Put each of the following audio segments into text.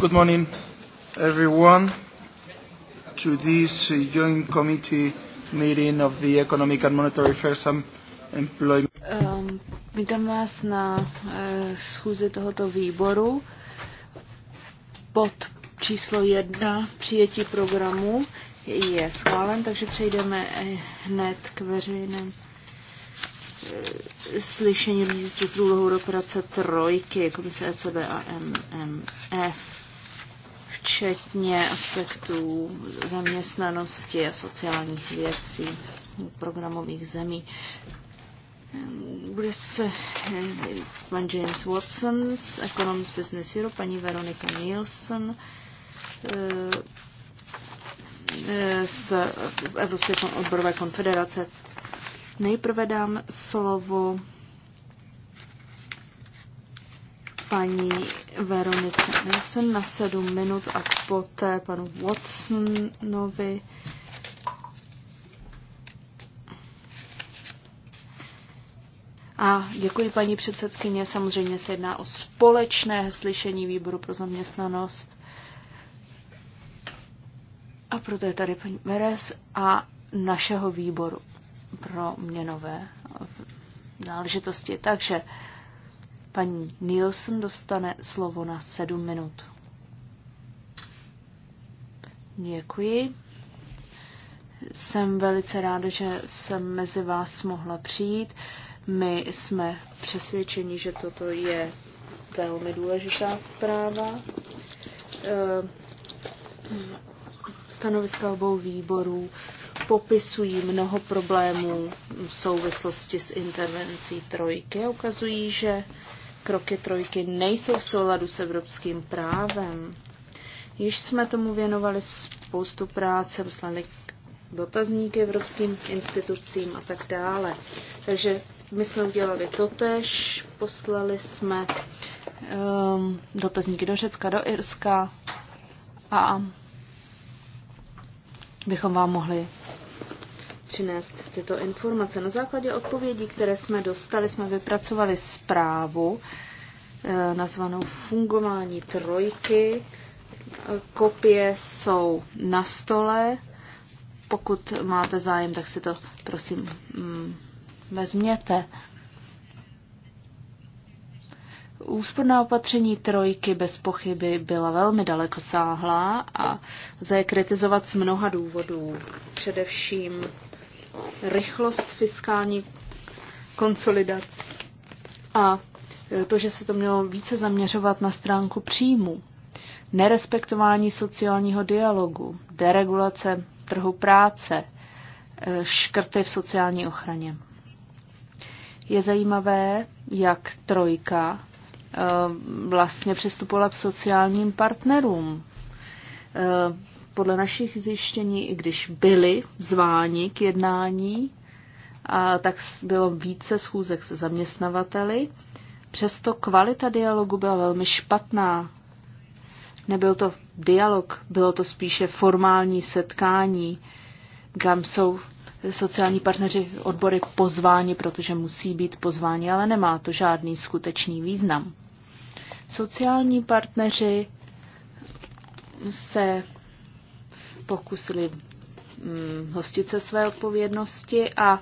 Good morning, everyone, to this joint committee meeting of the Economic and Monetary Affairs and Employment. Um, vítám vás na uh, schůzi tohoto výboru pod číslo jedna přijetí programu je schválen, takže přejdeme eh, hned k veřejnému eh, slyšení lidí do roku trojky, komise ECB a MMF včetně aspektů zaměstnanosti a sociálních věcí programových zemí. Bude se pan James Watson z Economist Business Europe, paní Veronika Nielsen eh, eh, z Evropské odborové konfederace. Nejprve dám slovo paní Veronice Nelson na sedm minut a poté panu Watsonovi. A děkuji paní předsedkyně, samozřejmě se jedná o společné slyšení výboru pro zaměstnanost. A proto je tady paní Veres a našeho výboru pro měnové záležitosti. Takže Paní Nielsen dostane slovo na sedm minut. Děkuji. Jsem velice ráda, že jsem mezi vás mohla přijít. My jsme přesvědčeni, že toto je velmi důležitá zpráva. Eh, stanoviska obou výborů popisují mnoho problémů v souvislosti s intervencí trojky a ukazují, že kroky trojky nejsou v souladu s evropským právem. Již jsme tomu věnovali spoustu práce, poslali dotazníky evropským institucím a tak dále. Takže my jsme udělali totež, poslali jsme um, dotazníky do Řecka, do Irska a bychom vám mohli přinést tyto informace. Na základě odpovědí, které jsme dostali, jsme vypracovali zprávu eh, nazvanou Fungování trojky. Kopie jsou na stole. Pokud máte zájem, tak si to prosím mm, vezměte. Úsporná opatření trojky bez pochyby byla velmi dalekosáhlá a lze je kritizovat z mnoha důvodů. Především rychlost fiskální konsolidace a e, to, že se to mělo více zaměřovat na stránku příjmu, nerespektování sociálního dialogu, deregulace trhu práce, e, škrty v sociální ochraně. Je zajímavé, jak trojka e, vlastně přistupovala k sociálním partnerům podle našich zjištění, i když byli zváni k jednání, a tak bylo více schůzek se zaměstnavateli. Přesto kvalita dialogu byla velmi špatná. Nebyl to dialog, bylo to spíše formální setkání, kam jsou sociální partneři odbory pozváni, protože musí být pozváni, ale nemá to žádný skutečný význam. Sociální partneři se pokusili mm, hostit se své odpovědnosti a e,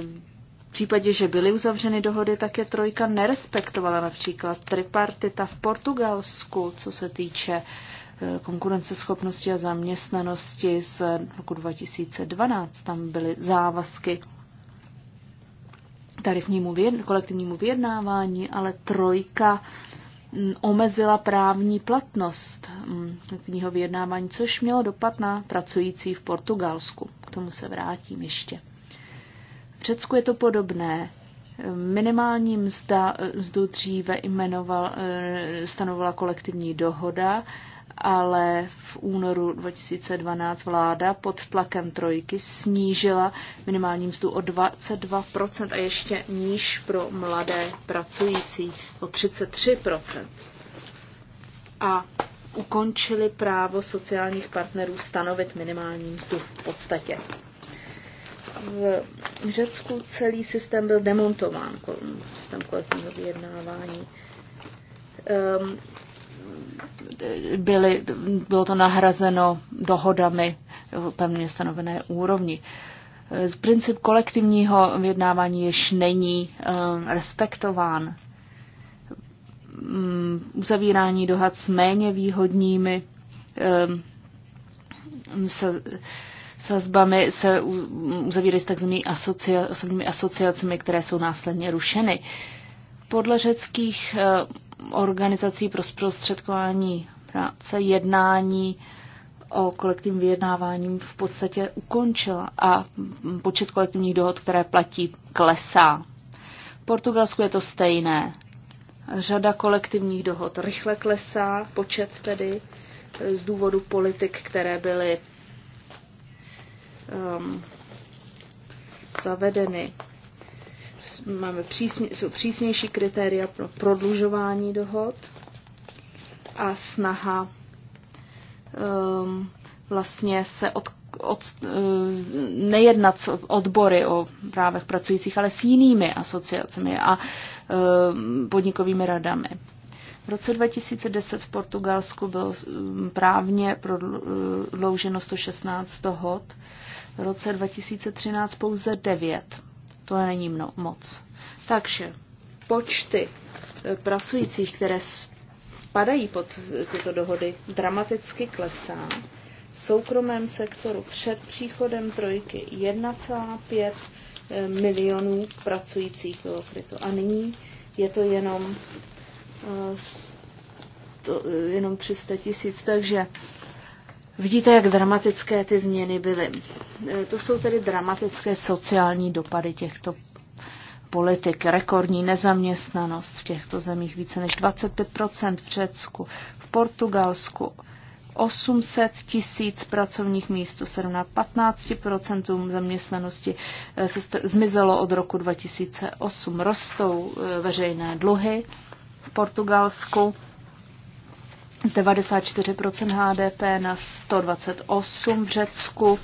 v případě, že byly uzavřeny dohody, tak je trojka nerespektovala například tripartita v Portugalsku, co se týče e, konkurenceschopnosti a zaměstnanosti z roku 2012. Tam byly závazky tarifnímu vyjedn- kolektivnímu vyjednávání, ale trojka Mm, omezila právní platnost mm, kniho vyjednávání, což mělo dopad na pracující v Portugalsku. K tomu se vrátím ještě. V Řecku je to podobné. Minimální mzda, eh, mzdu dříve jmenoval, eh, stanovala kolektivní dohoda ale v únoru 2012 vláda pod tlakem trojky snížila minimální mzdu o 22% a ještě níž pro mladé pracující o 33%. A ukončili právo sociálních partnerů stanovit minimální mzdu v podstatě. V Řecku celý systém byl demontován, systém kolektivního vyjednávání. Um, byly, bylo to nahrazeno dohodami v pevně stanovené úrovni. Z princip kolektivního vyjednávání již není um, respektován. Um, uzavírání dohad s méně výhodnými um, se, sazbami se uzavírají s takzvanými asocia, osobními asociacemi, které jsou následně rušeny. Podle řeckých organizací pro zprostředkování práce jednání o kolektivním vyjednávání v podstatě ukončila a počet kolektivních dohod, které platí, klesá. V Portugalsku je to stejné. Řada kolektivních dohod rychle klesá, počet tedy z důvodu politik, které byly um, zavedeny máme přísně, jsou přísnější kritéria pro prodlužování dohod a snaha um, vlastně se od, od, eh, nejednat s odbory o právech pracujících, ale s jinými asociacemi a um, podnikovými radami. V roce 2010 v Portugalsku bylo eh, právně prodlouženo 116 dohod, v roce 2013 pouze 9. To není mno, moc. Takže počty e, pracujících, které spadají pod tyto dohody, dramaticky klesá. V soukromém sektoru před příchodem trojky 1,5 e, milionů pracujících bylo kryto. A nyní je to jenom, e, jenom 300 tisíc, takže Vidíte, jak dramatické ty změny byly. E, to jsou tedy dramatické sociální dopady těchto politik. Rekordní nezaměstnanost v těchto zemích více než 25% v Řecku, v Portugalsku 800 tisíc pracovních míst, to se rovná 15% zaměstnanosti, e, se zmizelo od roku 2008. Rostou e, veřejné dluhy v Portugalsku z 94% HDP na 128 v Řecku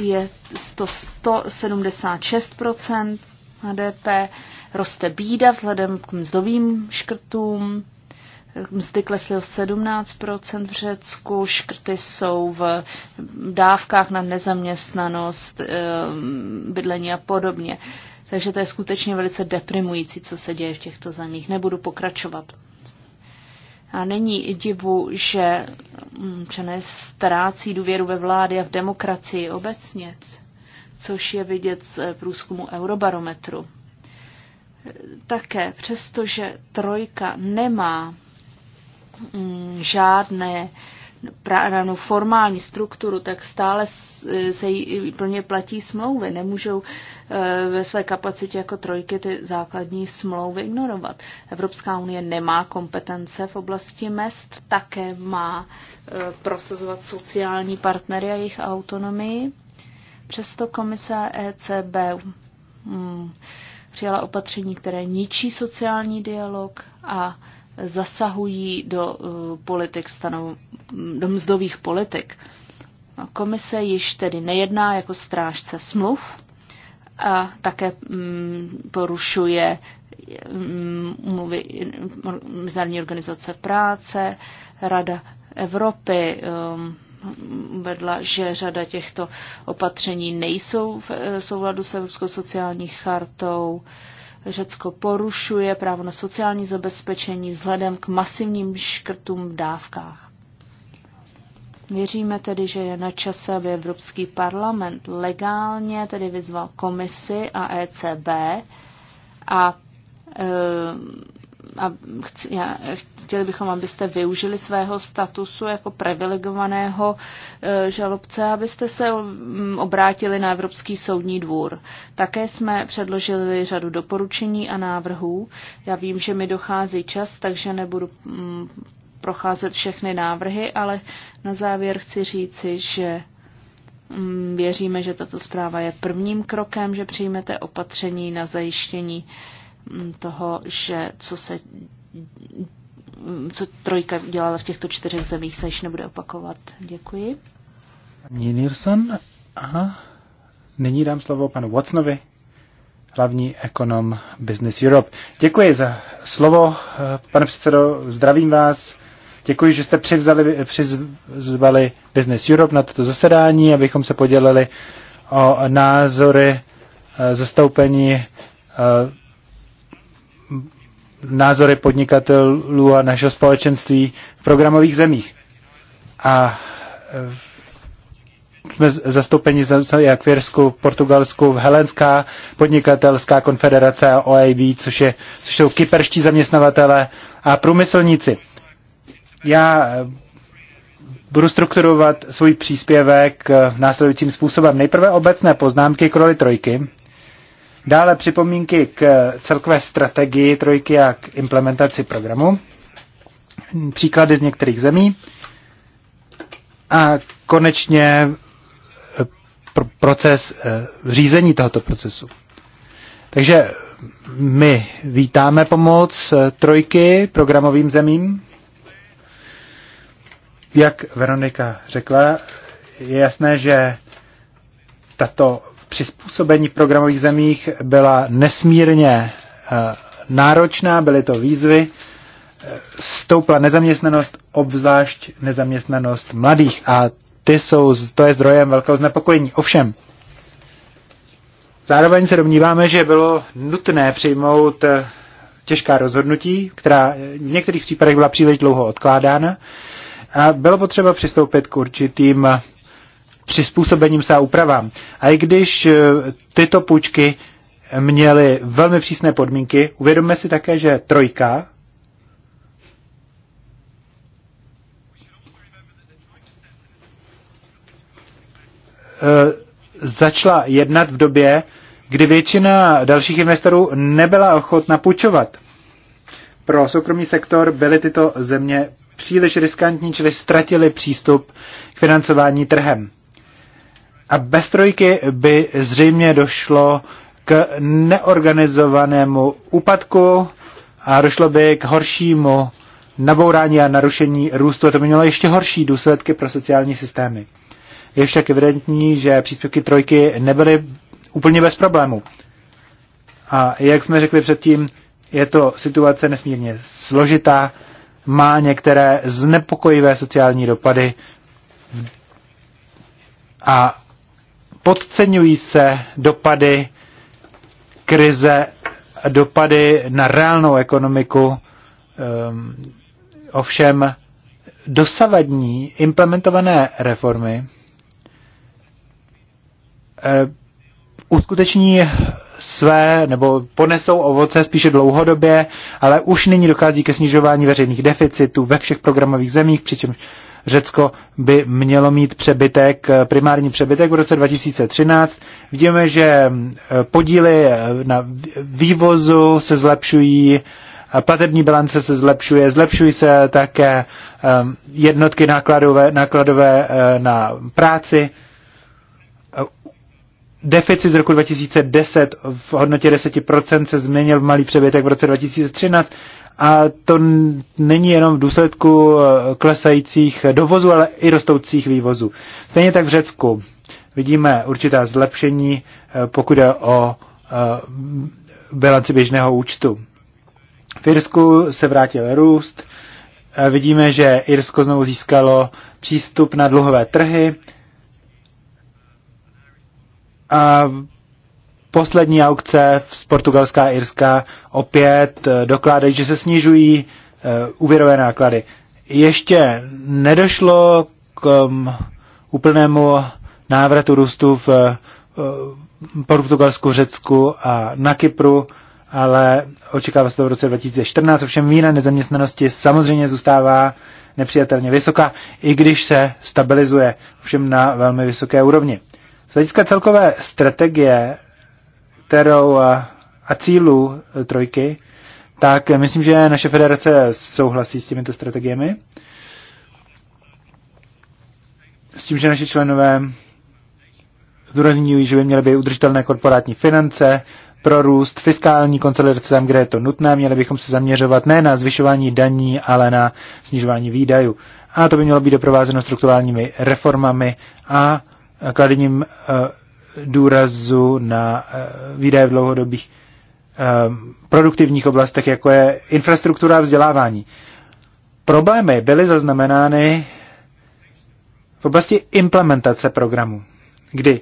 je 100, 176% HDP, roste bída vzhledem k mzdovým škrtům, mzdy klesly o 17% v Řecku, škrty jsou v dávkách na nezaměstnanost, eh, bydlení a podobně. Takže to je skutečně velice deprimující, co se děje v těchto zemích. Nebudu pokračovat. A není divu, že občané mm, ztrácí důvěru ve vlády a v demokracii obecně, což je vidět z eh, průzkumu Eurobarometru. Také, přestože trojka nemá mm, žádné právnou formální strukturu, tak stále se jí, pro ně platí smlouvy. Nemůžou eh, ve své kapacitě jako trojky ty základní smlouvy ignorovat. Evropská unie nemá kompetence v oblasti mest, také má eh, prosazovat sociální partnery a jejich autonomii. Přesto komise ECB hmm, přijala opatření, které ničí sociální dialog a zasahují do eh, politik stanov, mm, do mzdových politik. Komise již tedy nejedná jako strážce smluv a také mm, porušuje umluvy mm, Mezinárodní organizace práce, Rada Evropy vedla, že řada těchto opatření nejsou v eh, souladu s Evropskou sociální chartou. Řecko porušuje právo na sociální zabezpečení vzhledem k masivním škrtům v dávkách. Věříme tedy, že je na čase, aby Evropský parlament legálně tedy vyzval komisi a ECB a, e, a chci, já, chtěli bychom, abyste využili svého statusu jako privilegovaného e, žalobce, abyste se mm, obrátili na Evropský soudní dvůr. Také jsme předložili řadu doporučení a návrhů. Já vím, že mi dochází čas, takže nebudu mm, procházet všechny návrhy, ale na závěr chci říci, že mm, věříme, že tato zpráva je prvním krokem, že přijmete opatření na zajištění toho, že co se co trojka dělala v těchto čtyřech zemích, se již nebude opakovat. Děkuji. Paní Nilsson, aha. Nyní dám slovo panu Watsonovi, hlavní ekonom Business Europe. Děkuji za slovo, eh, pane předsedo, zdravím vás. Děkuji, že jste přizvali, přizvali Business Europe na toto zasedání, abychom se podělili o názory eh, zastoupení eh, názory podnikatelů a našeho společenství v programových zemích. A eh, jsme zastoupeni jak v Jirsku, Portugalsku, Helenská podnikatelská konfederace a OAB, což, je, což jsou kyperští zaměstnavatele a průmyslníci. Já eh, budu strukturovat svůj příspěvek eh, následujícím způsobem. Nejprve obecné poznámky k roli trojky, Dále připomínky k celkové strategii trojky a k implementaci programu. Příklady z některých zemí. A konečně eh, proces eh, řízení tohoto procesu. Takže my vítáme pomoc eh, trojky programovým zemím. Jak Veronika řekla, je jasné, že tato přizpůsobení programových zemích byla nesmírně eh, náročná, byly to výzvy, eh, stoupla nezaměstnanost, obzvlášť nezaměstnanost mladých a ty jsou, to je zdrojem velkého znepokojení. Ovšem, zároveň se domníváme, že bylo nutné přijmout eh, těžká rozhodnutí, která v některých případech byla příliš dlouho odkládána a bylo potřeba přistoupit k určitým přizpůsobením se a úpravám. A i když e, tyto půjčky měly velmi přísné podmínky, uvědomme si také, že trojka, e, začala jednat v době, kdy většina dalších investorů nebyla ochotna půjčovat. Pro soukromý sektor byly tyto země příliš riskantní, čili ztratili přístup k financování trhem. A bez trojky by zřejmě došlo k neorganizovanému úpadku a došlo by k horšímu nabourání a narušení růstu. A to by mělo ještě horší důsledky pro sociální systémy. Je však evidentní, že příspěvky trojky nebyly úplně bez problémů. A jak jsme řekli předtím, je to situace nesmírně složitá, má některé znepokojivé sociální dopady a podceňují se dopady krize, dopady na reálnou ekonomiku. Um, ovšem dosavadní implementované reformy eh, uskuteční své nebo ponesou ovoce spíše dlouhodobě, ale už nyní dochází ke snižování veřejných deficitů ve všech programových zemích, přičemž Řecko by mělo mít přebytek, eh, primární přebytek v roce 2013. Vidíme, že eh, podíly eh, na vývozu se zlepšují, platební bilance se zlepšuje, zlepšují se také jednotky nákladové, nákladové na práci. Deficit z roku 2010 v hodnotě 10% se změnil v malý přebytek v roce 2013 a to není jenom v důsledku eh, klesajících dovozů, ale i rostoucích vývozů. Stejně tak v Řecku vidíme určitá zlepšení, eh, pokud je o eh, bilanci běžného účtu. V Irsku se vrátil růst, vidíme, že Irsko znovu získalo přístup na dluhové trhy a Poslední aukce z portugalská a Irska opět eh, dokládají, že se snižují eh, úvěrové náklady. Ještě nedošlo k mm, úplnému návratu růstu v eh, Portugalsku, Řecku a na Kypru, ale očekává se to v roce 2014. Ovšem míra nezaměstnanosti samozřejmě zůstává nepřijatelně vysoká, i když se stabilizuje, ovšem na velmi vysoké úrovni. Z hlediska celkové strategie kterou a cílu e, trojky, tak e, myslím, že naše federace souhlasí s těmito strategiemi. S tím, že naše členové zdůrazňují, že by měly být udržitelné korporátní finance, pro růst, fiskální konsolidace tam, kde je to nutné, měli bychom se zaměřovat ne na zvyšování daní, ale na snižování výdajů. A to by mělo být doprovázeno strukturálními reformami a kladením e, důrazu na eh, výdaje v dlouhodobých eh, produktivních oblastech, jako je infrastruktura a vzdělávání. Problémy byly zaznamenány v oblasti implementace programu, kdy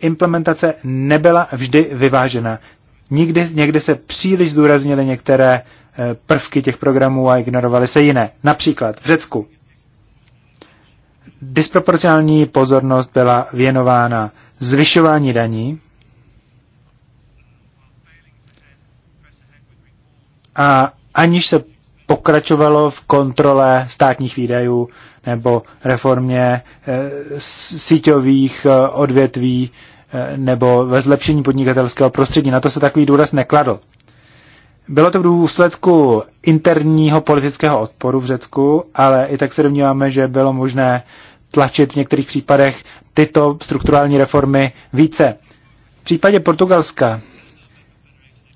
implementace nebyla vždy vyvážena. Nikdy, někde se příliš zdůraznily některé eh, prvky těch programů a ignorovaly se jiné. Například v Řecku disproporcionální pozornost byla věnována zvyšování daní a aniž se pokračovalo v kontrole státních výdajů nebo reformě eh, síťových eh, odvětví eh, nebo ve zlepšení podnikatelského prostředí. Na to se takový důraz nekladl. Bylo to v důsledku interního politického odporu v Řecku, ale i tak se domníváme, že bylo možné tlačit v některých případech tyto strukturální reformy více. V případě Portugalska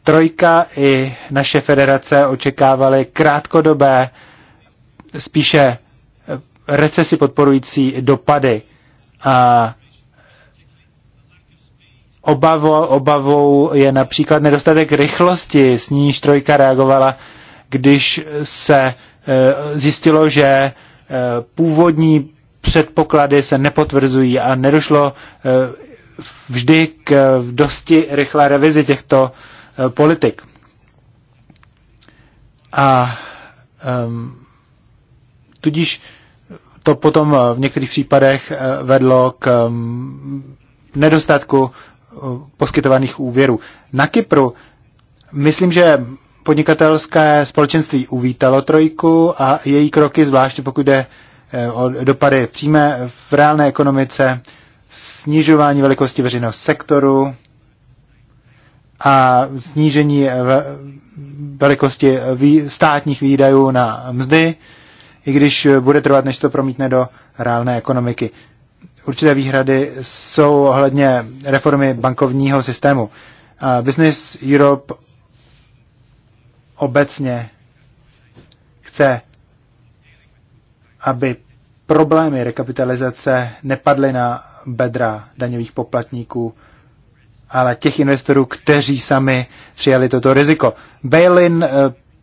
Trojka i naše federace očekávaly krátkodobé, spíše eh, recesi podporující dopady. A obavo, obavou je například nedostatek rychlosti, s níž trojka reagovala, když se eh, zjistilo, že eh, původní předpoklady se nepotvrzují a nedošlo eh, vždy k eh, dosti rychlé revizi těchto eh, politik. A um, tudíž to potom v některých případech vedlo k ehm, nedostatku poskytovaných úvěrů. Na Kypru myslím, že podnikatelské společenství uvítalo trojku a její kroky, zvláště pokud jde Eh, dopady přímé v reálné ekonomice, snižování velikosti veřejného sektoru a snížení velikosti státních výdajů na mzdy, i když bude trvat, než to promítne do reálné ekonomiky. Určité výhrady jsou ohledně reformy bankovního systému. Business Europe obecně chce aby problémy rekapitalizace nepadly na bedra daňových poplatníků, ale těch investorů, kteří sami přijali toto riziko. Bailin eh,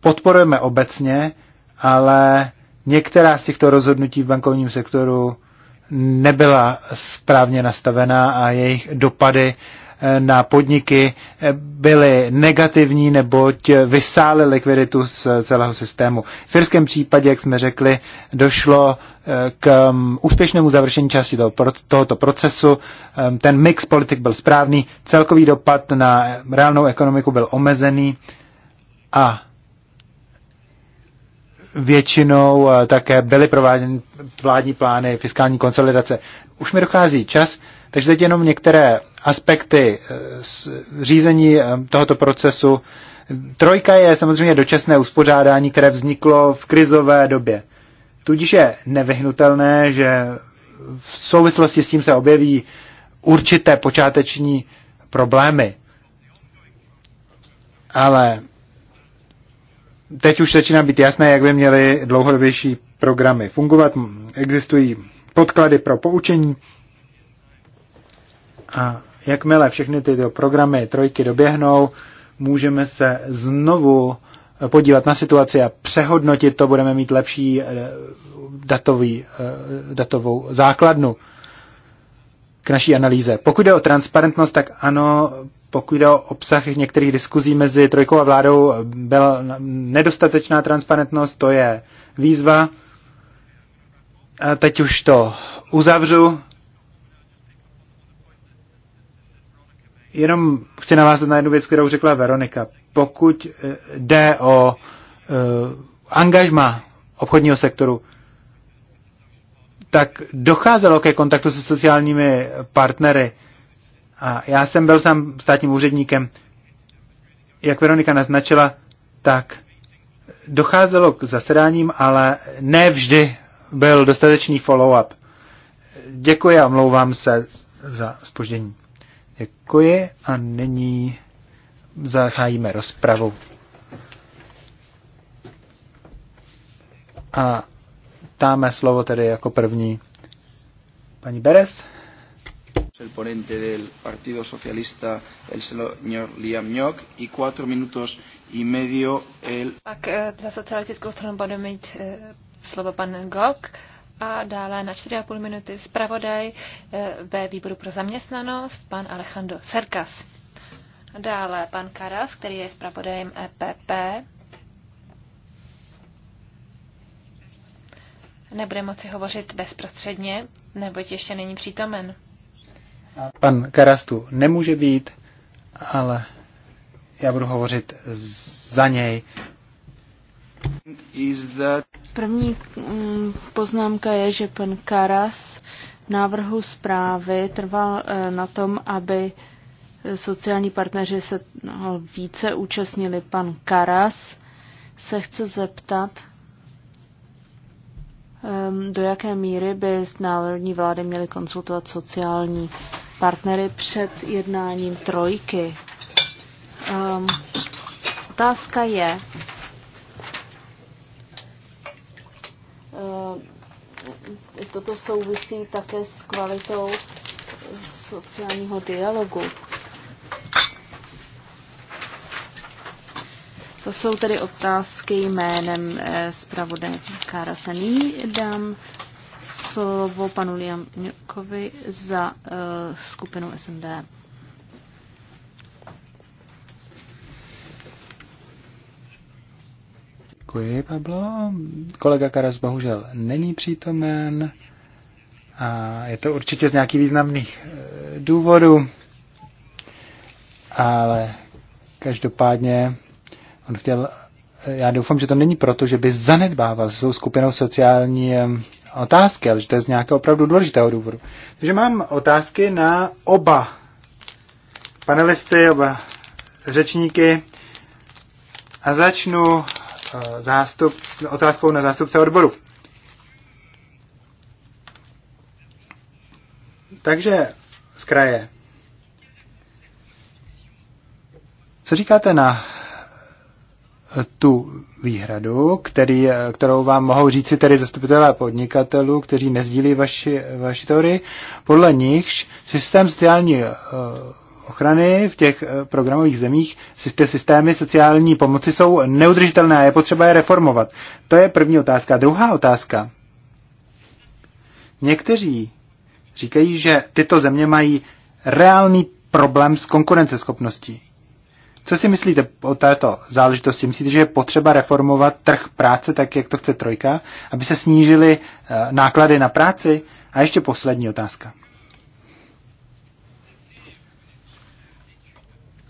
podporujeme obecně, ale některá z těchto rozhodnutí v bankovním sektoru nebyla správně nastavená a jejich dopady na podniky byly negativní, neboť vysály likviditu z celého systému. V firském případě, jak jsme řekli, došlo eh, k mm, úspěšnému završení části toho, tohoto procesu. Eh, ten mix politik byl správný, celkový dopad na reálnou ekonomiku byl omezený a většinou eh, také byly prováděny vládní plány fiskální konsolidace. Už mi dochází čas, takže teď jenom některé aspekty eh, řízení eh, tohoto procesu. Trojka je samozřejmě dočasné uspořádání, které vzniklo v krizové době. Tudíž je nevyhnutelné, že v souvislosti s tím se objeví určité počáteční problémy. Ale teď už začíná být jasné, jak by měly dlouhodobější programy fungovat. Existují podklady pro poučení a jakmile všechny tyto programy trojky doběhnou, můžeme se znovu podívat na situaci a přehodnotit to, budeme mít lepší eh, datový, eh, datovou základnu k naší analýze. Pokud jde o transparentnost, tak ano, pokud jde o obsah některých diskuzí mezi trojkou a vládou, byla nedostatečná transparentnost, to je výzva. A teď už to uzavřu. Jenom chci navázat na jednu věc, kterou řekla Veronika. Pokud jde o uh, angažma obchodního sektoru, tak docházelo ke kontaktu se sociálními partnery. A já jsem byl sám státním úředníkem. Jak Veronika naznačila, tak docházelo k zasedáním, ale ne vždy byl dostatečný follow-up. Děkuji a omlouvám se za spoždění. Děkuji a nyní zahájíme rozpravu. A dáme slovo tedy jako první paní Beres. El ponente del Partido Socialista, el señor Liam Ñok, y cuatro minutos y medio el... Pak eh, za socialistickou stranu bude mít eh, slovo pan Gok a dále na 4,5 minuty zpravodaj eh, ve výboru pro zaměstnanost pan Alejandro Serkas. Dále pan Karas, který je zpravodajem EPP nebude moci hovořit bezprostředně, neboť ještě není přítomen. Pan Karastu nemůže být, ale já budu hovořit za něj. První mm, poznámka je, že pan Karas v návrhu zprávy trval eh, na tom, aby sociální partneři se více účastnili. Pan Karas se chce zeptat, Ehm, do jaké míry by národní vlády měly konzultovat sociální partnery před jednáním trojky. Um, otázka je, um, toto souvisí také s kvalitou sociálního dialogu. To jsou tedy otázky jménem eh, zpravodaje Karasa. Nyní dám slovo panu Liamňukovi za eh, skupinu SND. Děkuji, Pablo. Kolega Karas bohužel není přítomen a je to určitě z nějakých významných eh, důvodů, ale každopádně On chtěl, já doufám, že to není proto, že by zanedbával svou skupinou sociální otázky, ale že to je z nějakého opravdu důležitého důvodu. Takže mám otázky na oba panelisty, oba řečníky a začnu eh, zástup, otázkou na zástupce odboru. Takže z kraje. Co říkáte na tu výhradu, který, kterou vám mohou říci tedy zastupitelé podnikatelů, kteří nezdílí vaši, vaši teorii, podle nichž systém sociální eh, ochrany v těch eh, programových zemích, systémy sociální pomoci jsou neudržitelné a je potřeba je reformovat. To je první otázka. Druhá otázka. Někteří říkají, že tyto země mají reálný problém s konkurenceschopností. Co si myslíte o této záležitosti? Myslíte, že je potřeba reformovat trh práce tak, jak to chce trojka, aby se snížily eh, náklady na práci? A ještě poslední otázka.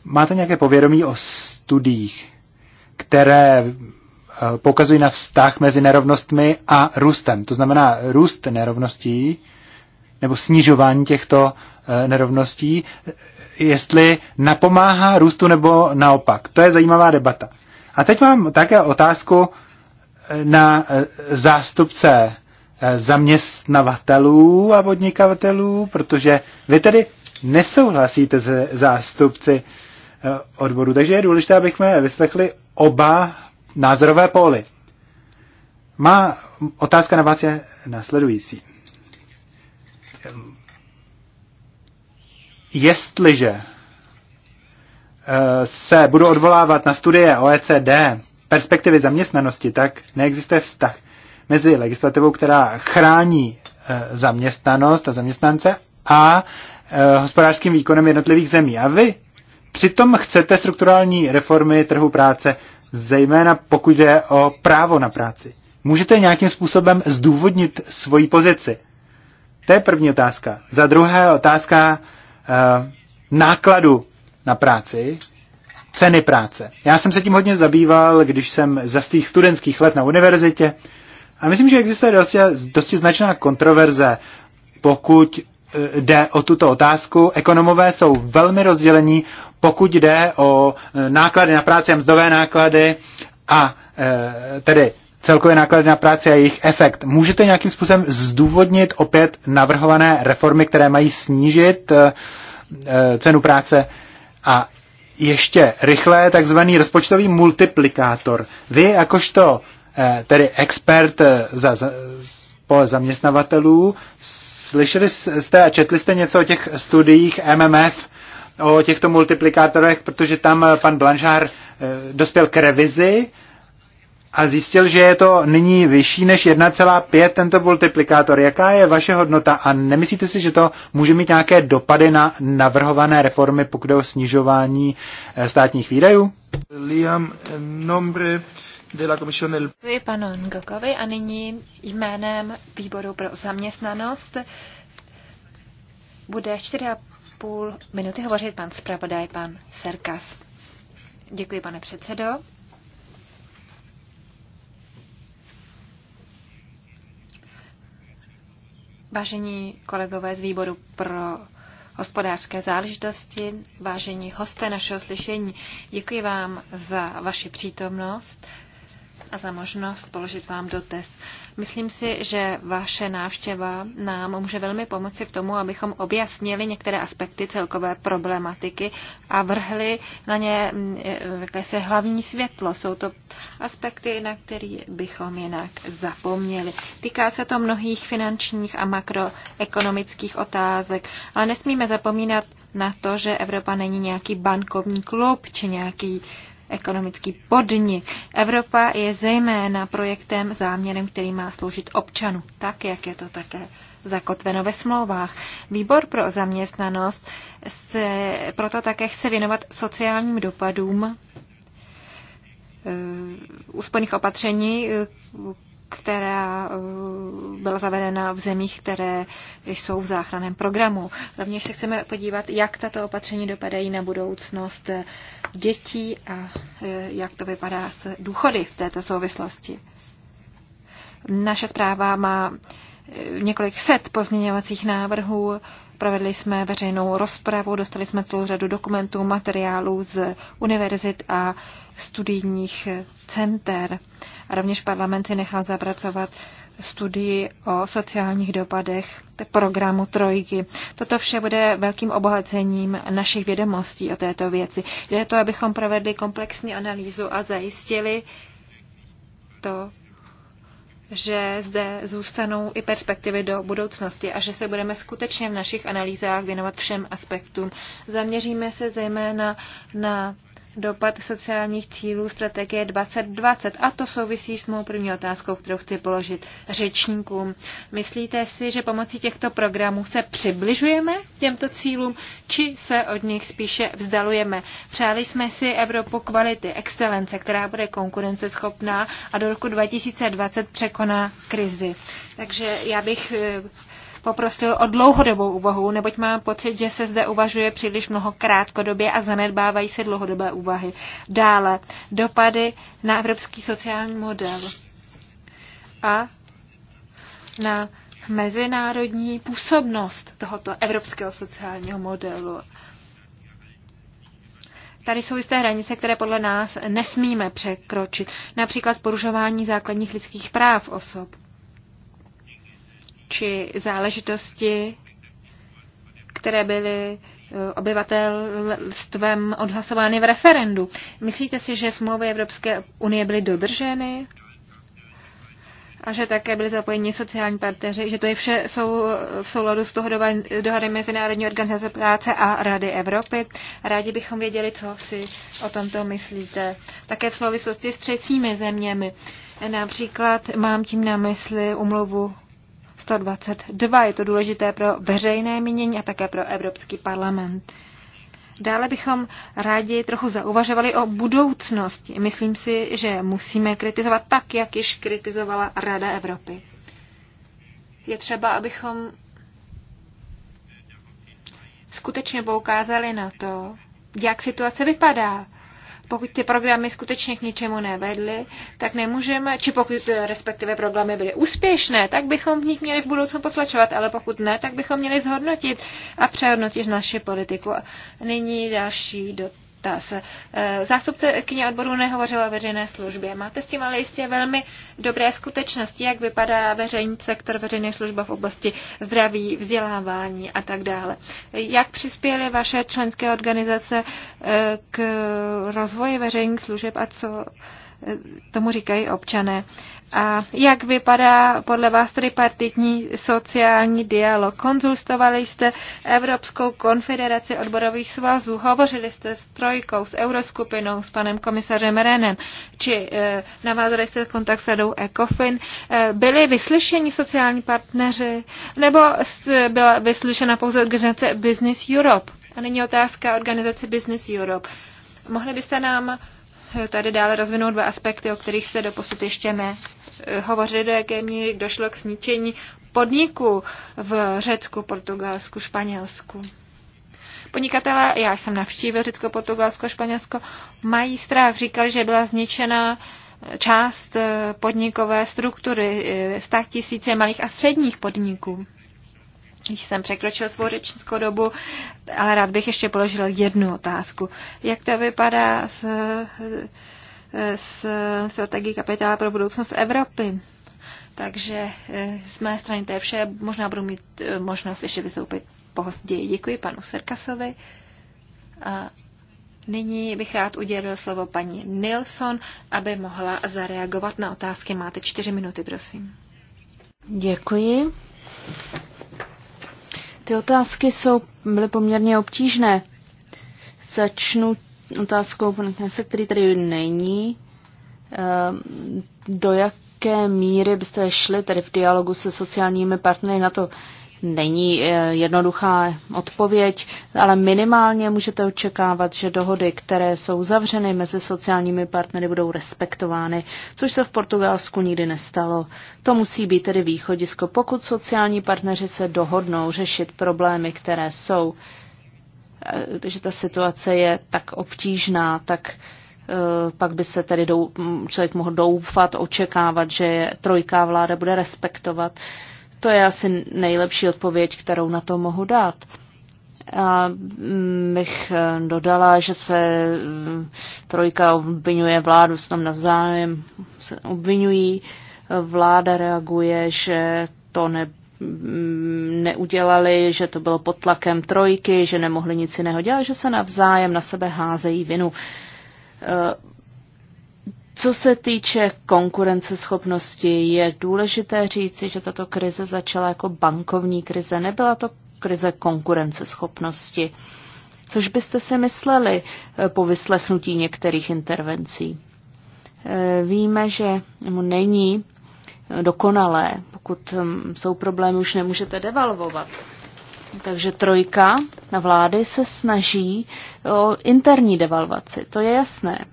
Máte nějaké povědomí o studiích, které eh, poukazují na vztah mezi nerovnostmi a růstem. To znamená růst nerovností nebo snižování těchto eh, nerovností jestli napomáhá růstu nebo naopak. To je zajímavá debata. A teď mám také otázku eh, na eh, zástupce eh, zaměstnavatelů a podnikatelů, protože vy tedy nesouhlasíte se zástupci odboru. Takže je důležité, abychom vyslechli oba názorové póly. Má otázka na vás je následující jestliže eh, se budu odvolávat na studie OECD perspektivy zaměstnanosti, tak neexistuje vztah mezi legislativou, která chrání eh, zaměstnanost a zaměstnance a eh, hospodářským výkonem jednotlivých zemí. A vy přitom chcete strukturální reformy trhu práce, zejména pokud jde o právo na práci. Můžete nějakým způsobem zdůvodnit svoji pozici? To je první otázka. Za druhé otázka Eh, nákladu na práci, ceny práce. Já jsem se tím hodně zabýval, když jsem za svých studentských let na univerzitě a myslím, že existuje dosti, dosti značná kontroverze, pokud eh, jde o tuto otázku. Ekonomové jsou velmi rozdělení, pokud jde o eh, náklady na práci a mzdové náklady a tedy celkové náklady na práci a jejich efekt. Můžete nějakým způsobem zdůvodnit opět navrhované reformy, které mají snížit eh, eh, cenu práce a ještě rychle takzvaný rozpočtový multiplikátor. Vy jakožto eh, tedy expert za, za, po zaměstnavatelů, slyšeli jste a četli jste něco o těch studiích MMF, o těchto multiplikátorech, protože tam pan Blanchard dospěl k revizi a zjistil, že je to nyní vyšší než 1,5 tento multiplikátor. Jaká je vaše hodnota a nemyslíte si, že to může mít nějaké dopady na navrhované reformy, pokud je o snižování eh, státních výdajů? Liam eh, Nombre de la Comisión Děkuji panu Ngokovi a nyní jménem výboru pro zaměstnanost bude 4,5 minuty hovořit pan zpravodaj, pan Serkas. Děkuji, pane předsedo. Vážení kolegové z výboru pro hospodářské záležitosti, vážení hosté našeho slyšení, děkuji vám za vaši přítomnost a za možnost položit vám dotaz. Myslím si, že vaše návštěva nám může velmi pomoci v tomu, abychom objasnili některé aspekty celkové problematiky a vrhli na ně mm, eh, jakési hlavní světlo. Jsou to aspekty, na které bychom jinak zapomněli. Týká se to mnohých finančních a makroekonomických otázek, ale nesmíme zapomínat na to, že Evropa není nějaký bankovní klub či nějaký uh, ekonomický podnik. Evropa je zejména projektem, záměrem, který má sloužit občanu, tak jak je to také zakotveno ve smlouvách. Výbor pro zaměstnanost se proto také chce věnovat sociálním dopadům eh, úsporných opatření, eh, která eh, byla zavedena v zemích, které jsou v záchranném programu. Rovněž se chceme podívat, jak tato opatření dopadají na budoucnost dětí a eh, jak to vypadá s důchody v této souvislosti. Naše zpráva má eh, několik set pozměňovacích návrhů. Provedli jsme veřejnou rozpravu, dostali jsme celou řadu dokumentů, materiálů z univerzit a studijních center. A rovněž parlament si nechal zapracovat studii o sociálních dopadech programu Trojky. Toto vše bude velkým obohacením našich vědomostí o této věci. Jde to, abychom provedli komplexní analýzu a zajistili to, že zde zůstanou i perspektivy do budoucnosti a že se budeme skutečně v našich analýzách věnovat všem aspektům. Zaměříme se zejména na dopad sociálních cílů strategie 2020. A to souvisí s mou první otázkou, kterou chci položit řečníkům. Myslíte si, že pomocí těchto programů se přibližujeme k těmto cílům, či se od nich spíše vzdalujeme? Přáli jsme si Evropu kvality, excelence, která bude konkurenceschopná a do roku 2020 překoná krizi. Takže já bych eh, poprosil o dlouhodobou úvahu, neboť mám pocit, že se zde uvažuje příliš mnoho krátkodobě a zanedbávají se dlouhodobé úvahy. Dále, dopady na evropský sociální model a na mezinárodní působnost tohoto evropského sociálního modelu. Tady jsou jisté hranice, které podle nás nesmíme překročit, například porušování základních lidských práv osob či záležitosti, které byly eh, obyvatelstvem odhlasovány v referendu. Myslíte si, že smlouvy Evropské unie byly dodrženy a že také byly zapojeni sociální partneři, že to je vše jsou v souladu s toho dohody Mezinárodní organizace práce a Rady Evropy. Rádi bychom věděli, co si o tomto myslíte. Také v souvislosti s třecími zeměmi. Například mám tím na mysli umluvu 122. Je to důležité pro veřejné mínění a také pro Evropský parlament. Dále bychom rádi trochu zauvažovali o budoucnosti. Myslím si, že musíme kritizovat tak, jak již kritizovala Rada Evropy. Je třeba, abychom skutečně poukázali na to, jak situace vypadá pokud ty programy skutečně k ničemu nevedly, tak nemůžeme, či pokud eh, respektive programy byly úspěšné, tak bychom v nich měli v budoucnu potlačovat, ale pokud ne, tak bychom měli zhodnotit a přehodnotit naši politiku. Nyní další dotaz Ptá se. Eh, zástupce kyně odboru nehovořila o veřejné službě. Máte s tím ale jistě velmi dobré skutečnosti, jak vypadá veřejný sektor, veřejné služba v oblasti zdraví, vzdělávání a tak dále. Jak přispěly vaše členské organizace eh, k rozvoji veřejných služeb a co eh, tomu říkají občané? A jak vypadá podle vás tripartitní sociální dialog? Konzultovali jste Evropskou konfederaci odborových svazů, hovořili jste s trojkou, s euroskupinou, s panem komisařem Renem, či e, navázali jste kontakt s radou ECOFIN. E, byli vyslyšeni sociální partneři, nebo byla vyslyšena pouze organizace Business Europe? A není otázka organizace Business Europe. Mohli byste nám eh, tady dále rozvinout dva aspekty, o kterých se doposud ještě ne hovořili, do jaké míry došlo k sničení podniků v Řecku, Portugalsku, Španělsku. Podnikatelé, já jsem navštívil Řecko, Portugalsko, Španělsko, mají strach. Říkali, že byla zničena část eh, podnikové struktury, eh, stát tisíce malých a středních podniků. Když jsem překročil svou řečnickou dobu, ale rád bych ještě položil jednu otázku. Jak to vypadá s eh, Eh, s strategií kapitála pro budoucnost Evropy. Takže eh, z mé strany to je vše. Možná budu mít eh, možnost ještě vystoupit pohostději. Děkuji panu Serkasovi. A nyní bych rád udělil slovo paní Nilsson, aby mohla zareagovat na otázky. Máte čtyři minuty, prosím. Děkuji. Ty otázky jsou, byly poměrně obtížné. Začnu otázkou pana Knese, který tady není, ehm, do jaké míry byste šli tedy v dialogu se sociálními partnery na to, Není eh, jednoduchá odpověď, ale minimálně můžete očekávat, že dohody, které jsou zavřeny mezi sociálními partnery, budou respektovány, což se v Portugalsku nikdy nestalo. To musí být tedy východisko, pokud sociální partneři se dohodnou řešit problémy, které jsou Eh, že ta situace je tak obtížná, tak eh, pak by se tedy dou, člověk mohl doufat, očekávat, že trojká vláda bude respektovat. To je asi nejlepší odpověď, kterou na to mohu dát. A mm, bych eh, dodala, že se mm, trojka obvinuje vládu, s tam navzájem se obvinují, vláda reaguje, že to ne, Mm, neudělali, že to bylo pod tlakem trojky, že nemohli nic jiného dělat, že se navzájem na sebe házejí vinu. E, co se týče konkurenceschopnosti, je důležité říci, že tato krize začala jako bankovní krize. Nebyla to krize konkurenceschopnosti, což byste si mysleli e, po vyslechnutí některých intervencí. E, víme, že mu není dokonalé. Pokud mm, jsou problémy, už nemůžete devalvovat. Takže trojka na vlády se snaží o interní devalvaci, to je jasné.